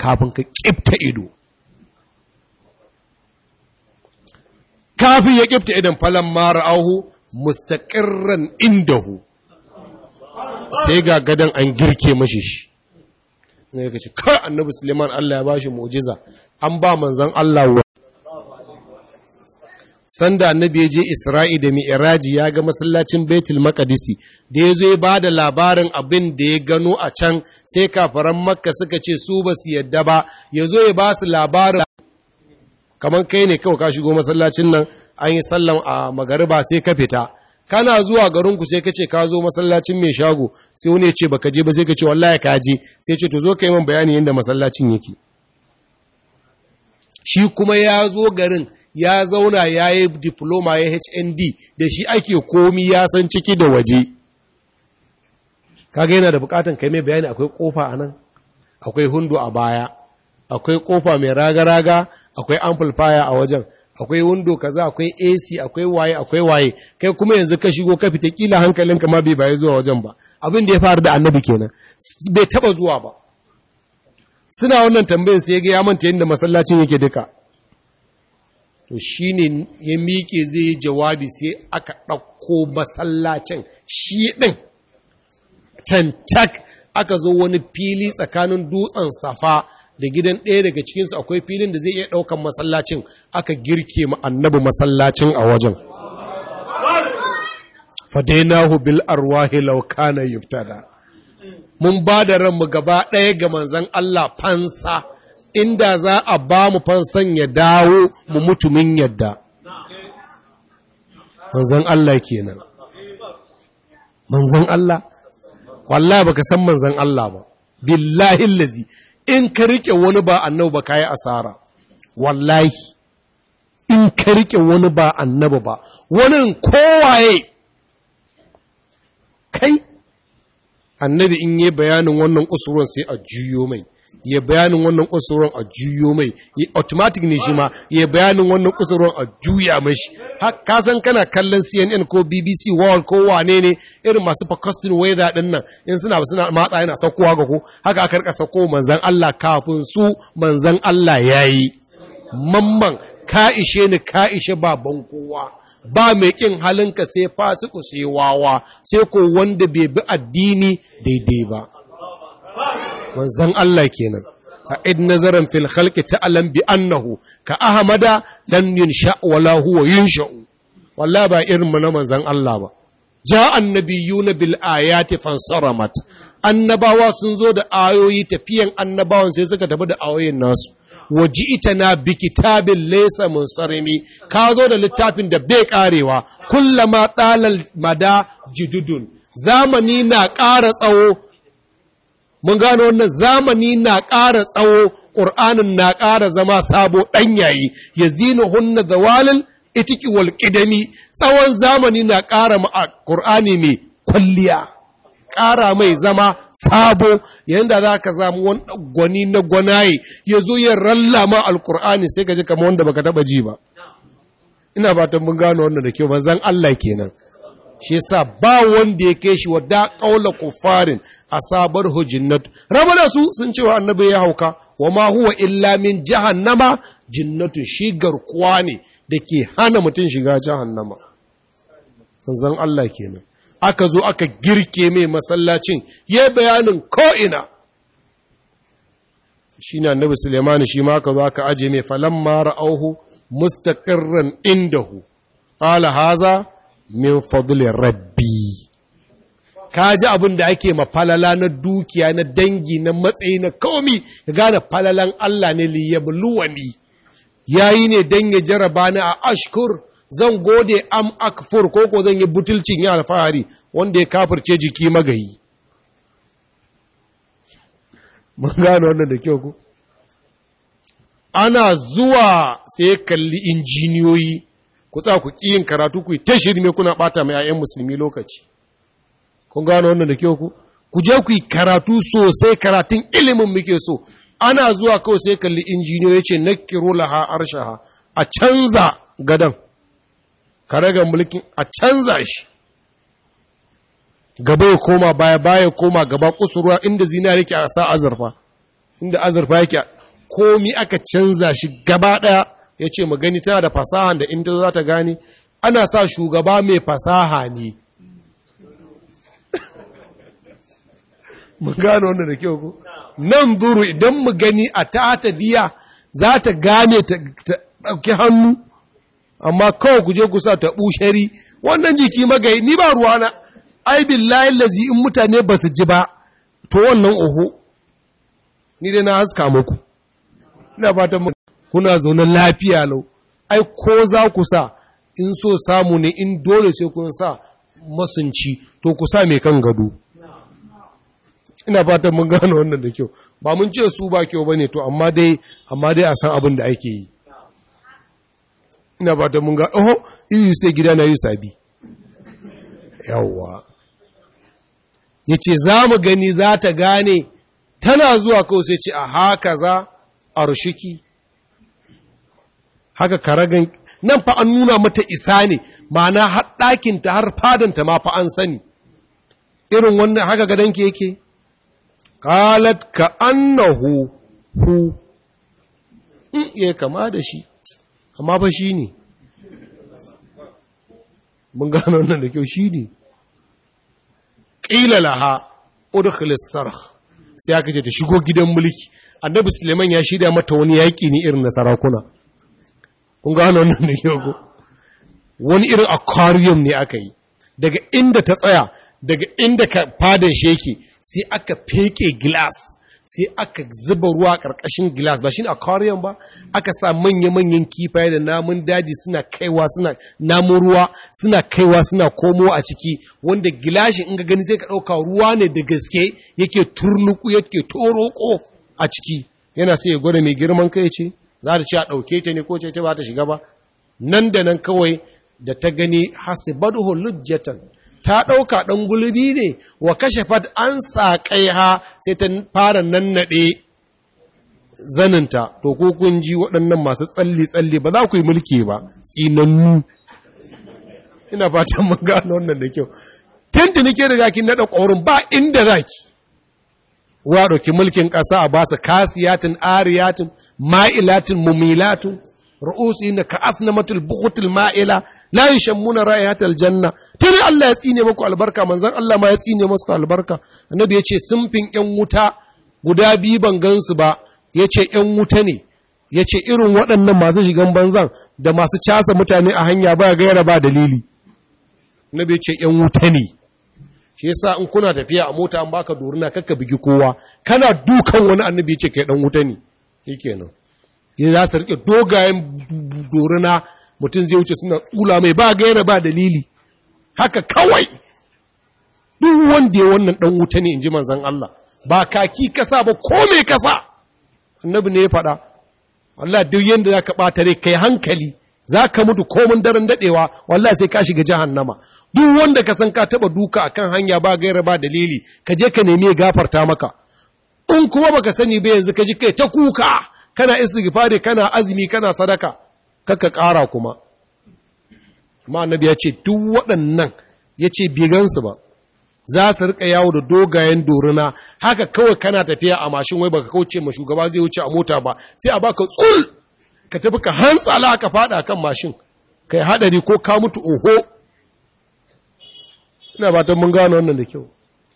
kafin ka ƙifta ido kafin ya ƙifta idan falon mara auhu mustaƙirran indahu sai ga gadon an girke mashi shi na ka ce ka annabi suleiman allah ya ba shi mu'jiza an ba manzan allah sanda annabi ya je Isra'i da Mi'raji ya ga masallacin Baitul Maqdisi da ya zo ya bada labarin abin da ya gano a can sai kafaran Makka suka ce su ba su yadda ba ya zo ya ba su labarin kamar kai ne kawai ka shigo masallacin nan an yi sallan a magariba sai ka fita kana zuwa garin ku sai ka ce ka zo masallacin mai shago sai wani ya ce baka je ba sai ka ce wallahi ka je sai ce to zo ka yi min bayani yadda masallacin yake shi kuma ya zo garin ya zauna ya yi diploma ya hnd da shi ake komi ya san ciki da waje kaga yana da bukatan kai mai bayani akwai kofa a nan akwai hundu a baya akwai kofa mai raga-raga akwai amplifier a wajen akwai window kaza akwai AC akwai waye akwai waye kai kuma yanzu ka shigo ka fita kila hankalinka ma bai baya zuwa wajen ba abin da ya faru da annabi kenan bai taba zuwa ba suna wannan tambayin sai ga ya manta yadda masallacin yake duka to shi ne ya miƙe zai yi jawabi sai aka ɗauko masallacin shi ɗin cancak aka zo wani fili tsakanin dutsen safa da gidan ɗaya daga cikinsu akwai filin da zai iya ɗaukan masallacin aka girke ma annabi masallacin a wajen fadainahu bil arwahi law kana mun ba da ranmu gaba ɗaya ga manzan Allah fansa inda za a ba mu fansan ya dawo mu mutumin yadda manzan Allah kenan manzan Allah wallahi baka san manzan Allah ba billahi lazi, in ka rike wani ba annabi ba yi asara wallahi in ka rike wani ba annabi ba wani kowaye kai annabi in yi bayanin wannan kusurwan sai a juyo mai ya bayanin wannan kusurwar a juyo mai automatic ne shi ma ya bayanin wannan kusurwar a juya mashi ka san kana kallon CNN ko BBC World ko wane ne irin masu forecasting weather din nan in suna suna matsa yana saukowa ga ko haka aka rika sauko manzan Allah kafin su manzan Allah ya yi. mamman ka ishe ni ka ishe baban kowa ba mai kin halinka sai fasiku sai wawa sai ko wanda bai bi addini daidai ba manzan Allah kenan a id nazarin fil khalqi ta'lam bi annahu ka ahmada lam yunsha wala huwa yunsha wallahi ba irin mu na manzan Allah ba ja annabiyuna bil ayati fansaramat annabawa sun zo da ayoyi tafiyan annabawan sai suka tafi da ayoyin nasu waji'tana bi kitabin laysa munsarimi ka zo da littafin da bai karewa kullama dalal mada jidudun zamani na ƙara tsawo mun gano wannan zamani na ƙara tsawo ƙur'anin na ƙara zama sabo ɗanyayi ya zina hunna da walil itiki wal ƙidami tsawon zamani na ƙara ma ƙur'ani mai kwalliya ƙara mai zama sabo yadda za ka zama wani gwani na gwanaye ya zo ya ralla ma alƙur'ani sai ka ji kama wanda baka taɓa ji ba ina fatan mun gano wannan da kyau manzan Allah kenan shi sa ba wanda ya kai shi wa da ƙaula kufarin a sabar hujinnatu raba da su sun ce wa annabi ya hauka wa ma huwa illa min jahannama jinnatu shi garkuwa ne da ke hana mutum shiga jahannama zan Allah kenan aka zo aka girke mai masallacin ya bayanin ko'ina shi ne annabi Suleimani shi ma aka zo aka aje mai auhu mustaƙirran inda indahu Ƙala haza min fadlin rabbi ka ji abin da ake ma falala na dukiya na dangi na matsayi na komi ka gane falalan Allah ne buluwani yayi ne dan ya jaraba ni a ashkur zan gode am akfur ko ko zan yi butulcin ya alfahari wanda ya kafirce jiki magayi mun gane wannan da kyau ku ana zuwa sai kalli injiniyoyi ku tsaya ku ƙi yin karatu ku yi ta shirme kuna ɓata mai 'ya'yan musulmi lokaci kun gano wannan da kyau ku ku je ku yi karatu sosai karatun ilimin muke so ana zuwa kawai sai kalli injiniyo ya ce na kiro laha arshaha a canza gadon karagar mulkin a canza shi gaba ya koma baya baya koma gaba kusurwa inda zinari yake a sa azurfa inda azurfa yake komi aka canza shi gaba ɗaya ya ce magani tana da fasaha da inda za ta gane ana sa shugaba mai fasaha ne mun gano wanda da kyau ku nan duru idan mu gani a ta biya za ta gane ta ɗauki hannu amma kawai ku je ku sa ta ɓushari wannan jiki magai ni ba ruwana ai billahi lazi in mutane ba su ji ba to wannan oho ni dai na haska muku ina fatan kuna zaune lafiya lau ai ko za ku sa in so samu ne in dole sai kun sa masunci to ku sa mai kan gado ina fatan mun gano wannan da kyau ba mun ce su ba kyau bane to amma dai amma dai a san abin da ake yi ina fatan mun ga oho iyu sai gida na yi sabi yawwa yace za mu gani za ta gane tana zuwa kawai sai ce a haka za arshiki haka karagan nan fa an nuna mata isa ne ma'ana har ɗakinta har fadanta ma fa an sani irin wannan haka gadonki yake ƙalat ka annahu hu in mm, ya kama da shi amma fa shi ne mun gano wannan da kyau shi ne ƙilala ha udkhilis sarh sai aka ce ta shigo gidan mulki annabi suleiman ya shirya mata wani yaƙi ne irin na sarakuna kun gano nan da yau wani irin aquarium ne aka yi daga inda ta tsaya daga inda ka fada sheki sai aka feke glass sai aka zuba ruwa ƙarƙashin glass ba shine aquarium ba aka sa manya-manyan kifaye da namun daji suna kaiwa suna namun ruwa suna kaiwa suna komo a ciki wanda gilashin in ga gani sai ka ɗauka ruwa ne da gaske yake turnuku yake toroko a ciki yana sai ya gwada mai girman kai ce za ta ce a ɗauke ta ne ko ce ta ba ta shiga ba nan da nan kawai da ta gani hasibadhu lujjatan ta ɗauka ɗan gulubi ne wa kashe fat an sa kai ha sai ta fara nan naɗe zaninta to ko kun ji waɗannan masu tsalli-tsalli ba za ku yi mulki ba tsinannu ina fatan mun gano wannan da kyau tunda nake da kin naɗa ƙorin ba inda zaki wa ɗauki mulkin ƙasa a basu kasiyatin ariyatin ma'ilatin mumilatu ra'usi na ka matul bukutul ma'ila la yashammuna hata janna tare Allah ya tsine maku albarka manzan Allah ma ya tsine masu albarka ya ce sunfin yan wuta guda biyu ban gansu ba ce yan wuta ne yace irin waɗannan masu shigan banzan da masu casa mutane a hanya ba gaira ba dalili annabi ce yan wuta ne shi yasa in kuna tafiya a mota an baka doruna kakka bugi kowa kana dukan wani annabi yace kai ɗan wuta ne yake nan yin za su rike dogayen dorina mutum zai wuce suna kula mai ba gaira ba dalili haka kawai duk wanda ya wannan dan wuta ne in ji manzan Allah ba kaki kasa ba ko mai kasa annabi ne ya faɗa Allah duk yadda za ka ɓata rai kai hankali za ka mutu komin daren daɗewa wallahi sai ka shiga jahannama duk wanda ka san ka taɓa duka akan hanya ba gaira ba dalili ka je ka nemi ya gafarta maka in kuma baka sani ba yanzu ka ji kai ta kuka kana istighfari kana azumi kana sadaka kaka kara kuma amma annabi ya ce duk waɗannan ya ce bigansu ba za su rika yawo da dogayen doruna haka kawai kana tafiya a mashin wai baka kauce ma shugaba zai wuce a mota ba sai a baka tsul ka tafi ka hantsala ka fada kan mashin kai hadari ko ka mutu oho ina ba mun gano wannan da kyau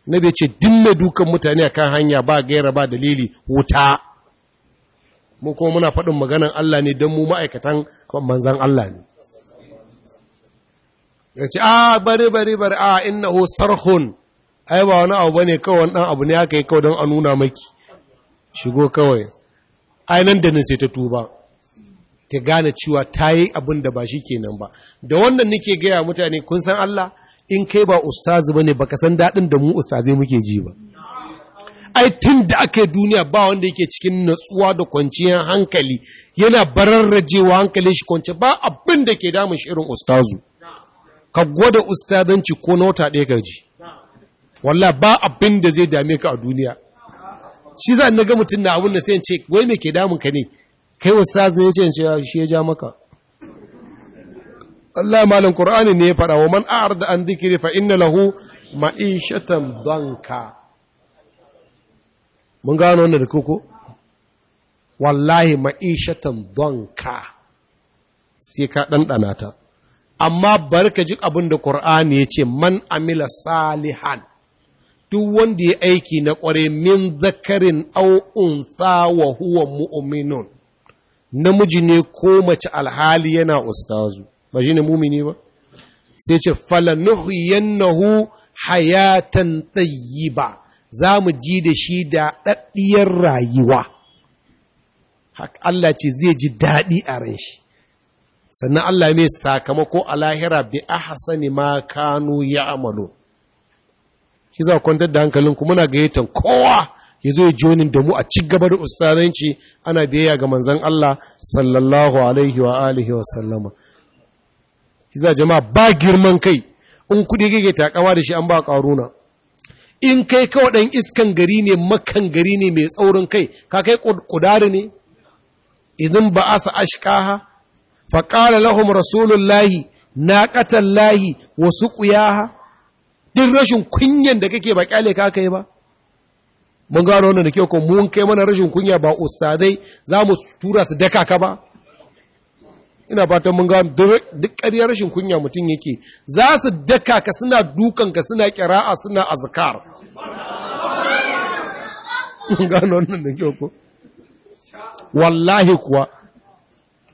na bai ce dinna dukan mutane a kan hanya ba gaira ba dalili wuta mu kuma muna faɗin maganan Allah ne don mu ma'aikatan manzan Allah ne ya ce a bari bari bari a ina ho sarhun ai ba wani abu ne kawai ɗan abu ne aka yi kawai don a nuna maki shigo kawai ai nan da nan sai ta tuba ta gane cewa ta yi abin da ba shi kenan ba da wannan nake gaya mutane kun san Allah in kai ba ustazi bane baka san daɗin da mu ustazi muke ji ba ai tun da aka yi duniya ba wanda yake cikin natsuwa da kwanciyar hankali yana bararrajewa hankalin shi kwanci ba abin da ke damun shi ustazu ka gwada ustazanci ko na wata ɗaya gaji walla ba abin da zai dame ka a duniya shi za na ga mutum na abin da sai ce wai me ke damun ka ne kai ustazu ne ce shi ya ja maka Allah malam Qur'ani ne ya wa man a'arda an dhikri fa inna lahu ma'ishatan danka mun gano wannan da koko wallahi ma'ishatan danka sai ka ɗanɗana ta amma bari ka ji abin da Qur'ani ya ce man amila salihan duk wanda ya aiki na ƙware min zakarin au untha wa huwa mu'minun namiji ne ko mace alhali yana ustazu ba shi ne mumini ba sai ce falanuhiyannahu hayatan ba za mu ji da shi da ɗaɗɗiyar rayuwa Allah ce zai ji daɗi a ran shi sannan Allah mai sakamako a lahira bi ahsani ma kanu ya Ki za kwantar da hankalinku muna gayyatan kowa ya zo jonin da mu a ci gaba da ustazanci ana biyayya ga manzan Allah sallallahu alaihi wa alihi wa sallama za jama'a ba girman kai in kudi kake takama da shi an ba karuna in kai kawai ɗan iskan gari ne makan gari ne mai tsaurin kai ka kai kudari ne idan ba asa ashqaha fa qala lahum rasulullahi naqatallahi wa suqiyaha din rashin kunyan da kake ba ka kai ba mun gano wannan da kyau ko mun kai mana rashin kunya ba ustadai za mu tura su daka ka ba ina fatan mun ga duk ƙaryar rashin kunya mutum yake za su daka ka suna dukan ka suna a suna azkar gano wannan da kyau ko wallahi kuwa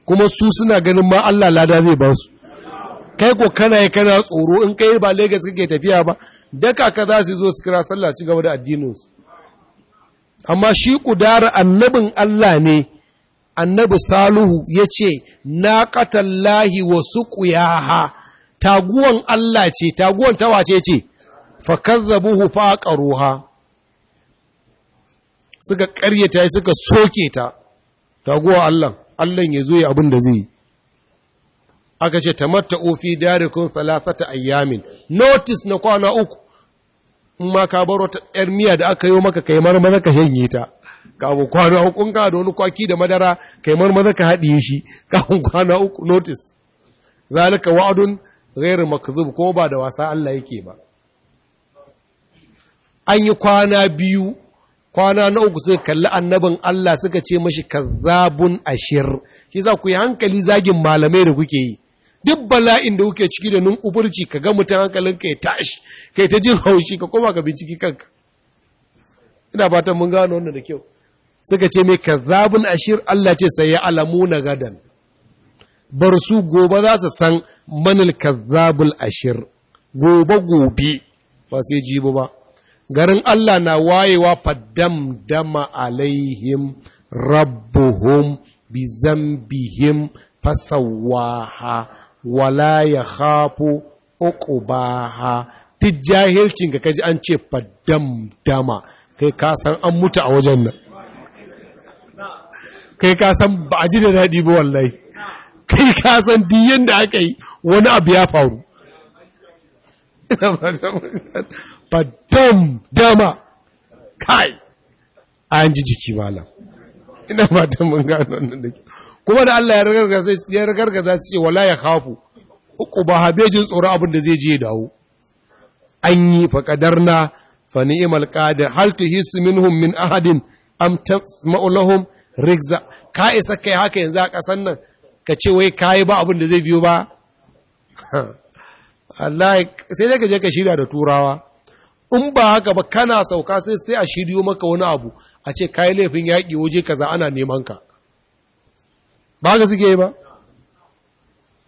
kuma su suna ganin ma Allah lada zai ba su kai ko kana yi kana tsoro in kai ba Lagos kake tafiya ba daka ka za su zo su kira sallah su gaba da su. amma shi kudara annabin Allah ne annabi saluhu ya ce na ƙatallahi wasu ƙuyaha taguwan Allah ce taguwan tawace ce fakazzabuhu faqaruha suka ƙaryata suka soke ta taguwa Allah Allah ya zo ya abin da zai aka ce tamatta'u fi darikun falafata ayyamin notice na kwana uku in ma ka baro ta yar miya da aka yi maka kai marmara ka shanye ta kafin kwana uku ka da wani kwaki da madara kai maza ka haɗiye shi kafin kwana uku notice zalika wa'adun ghairu makzub ko ba da wasa Allah yake ba an yi kwana biyu kwana na uku suka kalli annabin Allah suka ce mashi kazzabun ashir shi za ku yi hankali zagin malamai da kuke yi duk bala'in da kuke ciki da nun uburci ka ga mutum hankalin ka ya tashi kai ta jin haushi ka koma ka binciki kanka ina fatan mun gano wannan da kyau suka ce mai kazzabin ashir Allah ce sai ya alamu na gadan bar su gobe za su san manil kazzabul ashir gobe gobe ba sai jibo ba garin Allah na wayewa faddam dama alaihim rabbuhum bi zambihim fasawaha wala ya khafu uqubaha duk jahilcin ka kaji an ce faddam dama kai ka san an mutu a wajen nan kai ka san ba a ji da daɗi ba wallahi kai ka san diyan da aka yi wani abu ya faru ba dam dama kai yan ji jiki malam ina ba mun gano nan da ke kuma da Allah ya ragargaza su ce wala ya hafu. uku ba habe jin tsoron abin da zai je dawo an yi faƙadar fa ni'mal qadir hal tuhisu minhum min ahadin am tasma'u lahum rigza ka isa kai haka yanzu a ƙasan nan ka ce wai ka yi ba abin da zai biyo ba Allah sai dai ka je ka shirya da turawa in ba haka ba kana sauka sai sai a shiryo maka wani abu a ce ka yi laifin yaƙi waje ka za ana neman ka ba ga suke ba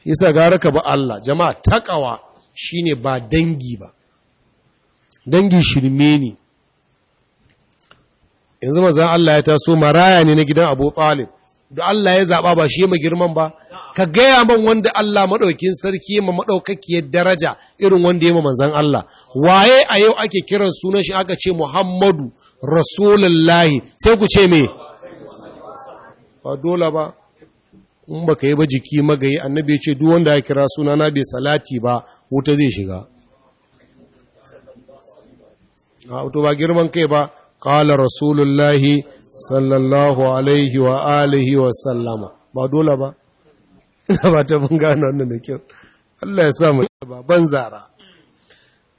yasa gara ka ba Allah jama'a takawa shine ba dangi ba dangi shirme ne yanzu mazan Allah ya taso maraya ne na gidan Abu Talib da Allah ya zaɓa ba shi ma girman ba ka gaya man wanda Allah madaukin sarki ma madaukakiyar daraja irin wanda ya ma Allah waye a yau ake kiran sunan shi aka ce Muhammadu Rasulullahi sai ku ce me ba dole ba in ka yi ba jiki magayi annabi ya ce duk wanda ya kira suna na bai salati ba wuta zai shiga a wato ba girman kai ba ƙala rasulullahi sallallahu alaihi wa alihi wa sallama ba dole ba ba ta mun gano wannan kyau Allah ya sa mu ba ban zara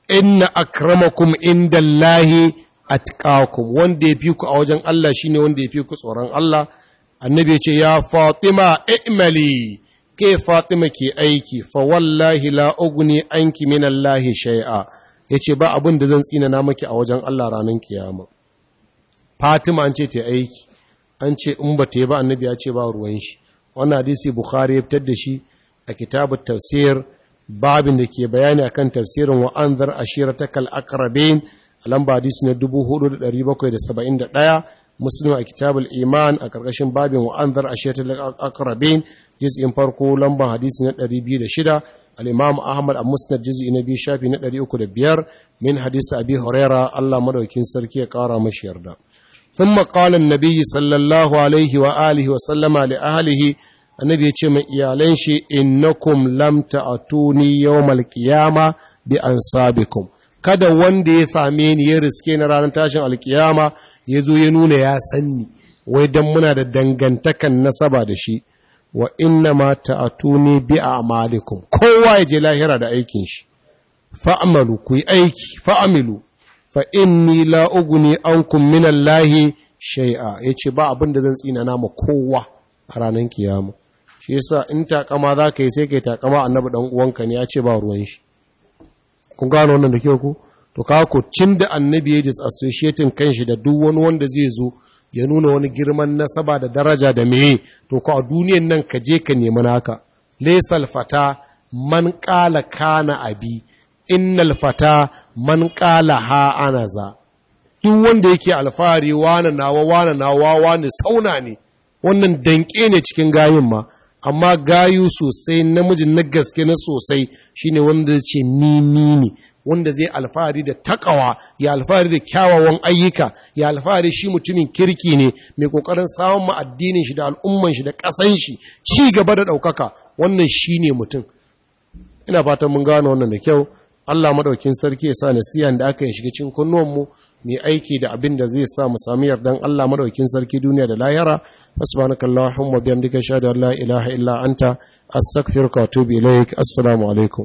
inna akramakum indallahi atqakum wanda yafi ku a wajen Allah shine wanda yafi ku tsoron Allah annabi ya ce ya fatima i'mali ke fatima ke aiki fa wallahi la ugni anki min shai'a. shay'a yace ba abin da zan tsina na miki a wajen Allah ranar kiyama fatima an ce ta aiki an ce in ba ta yi ba annabi ya ce ba ruwan shi wannan hadisi bukhari ya fitar da shi a kitabut tafsir babin da ke bayani akan tafsirin wa anzar ashiratakal aqrabin a lamba hadisi na 4771 muslim a kitabul iman a karkashin babin wa anzar ashiratakal aqrabin juz'in farko lamban hadisi na 206 al-imam ahmad a musnad juz'i na biyu shafi na 305 min hadisi abi huraira Allah madaukin sarki ya kara mashi yarda ثم قال النبي صلى الله عليه وآله وسلم لأهله النبي يقول من إيالينش إنكم لم تأتوني يوم القيامة بأنصابكم kada wanda ya same ni ya riske na ranar tashin alkiyama ya zo ya nuna ya sanni wai don muna da dangantakan nasaba da shi wa inna ma ta'atuni bi a'malikum kowa ya je lahira da aikin shi fa'amalu ku yi aiki fa'amalu. fa inni la uguni ankum min shai'a. shay'a yace ba abin da zan tsina nama kowa a ranar kiyama shi yasa in takama za ka yi sai ka yi takama annabi dan uwanka ne ya ce ba ruwan shi kun gano wannan da kyau ku to ka ko cin da annabi ya disassociating kanshi da duk wani wanda zai zo ya nuna wani girman nasaba da daraja da meye to ko a duniyan nan ka je ka nemi naka laysal fata man qala kana abi In alfata man qala ha anaza duk wanda yake alfahari wana nawa wana nawa wani sauna ne wannan danƙe ne cikin gayin ma amma gayu sosai namijin na gaske na sosai shine wanda zai ce ni ni ne wanda zai alfahari da takawa ya alfahari da kyawawan ayyuka ya alfahari shi mutumin kirki ne mai kokarin samun ma addinin shi da al'umman shi da ƙasan shi ci gaba da ɗaukaka wannan shine mutum ina fatan mun gano wannan da kyau Allah madaukin sarki ya sa nasihan da aka yi shiga cikin kunnuwanmu mai aiki da abin da zai sa mu sami yardan Allah madaukin sarki duniya da lahira subhanakallahumma bihamdika shada la ilaha illa anta astaghfiruka wa atubu ilaik assalamu alaikum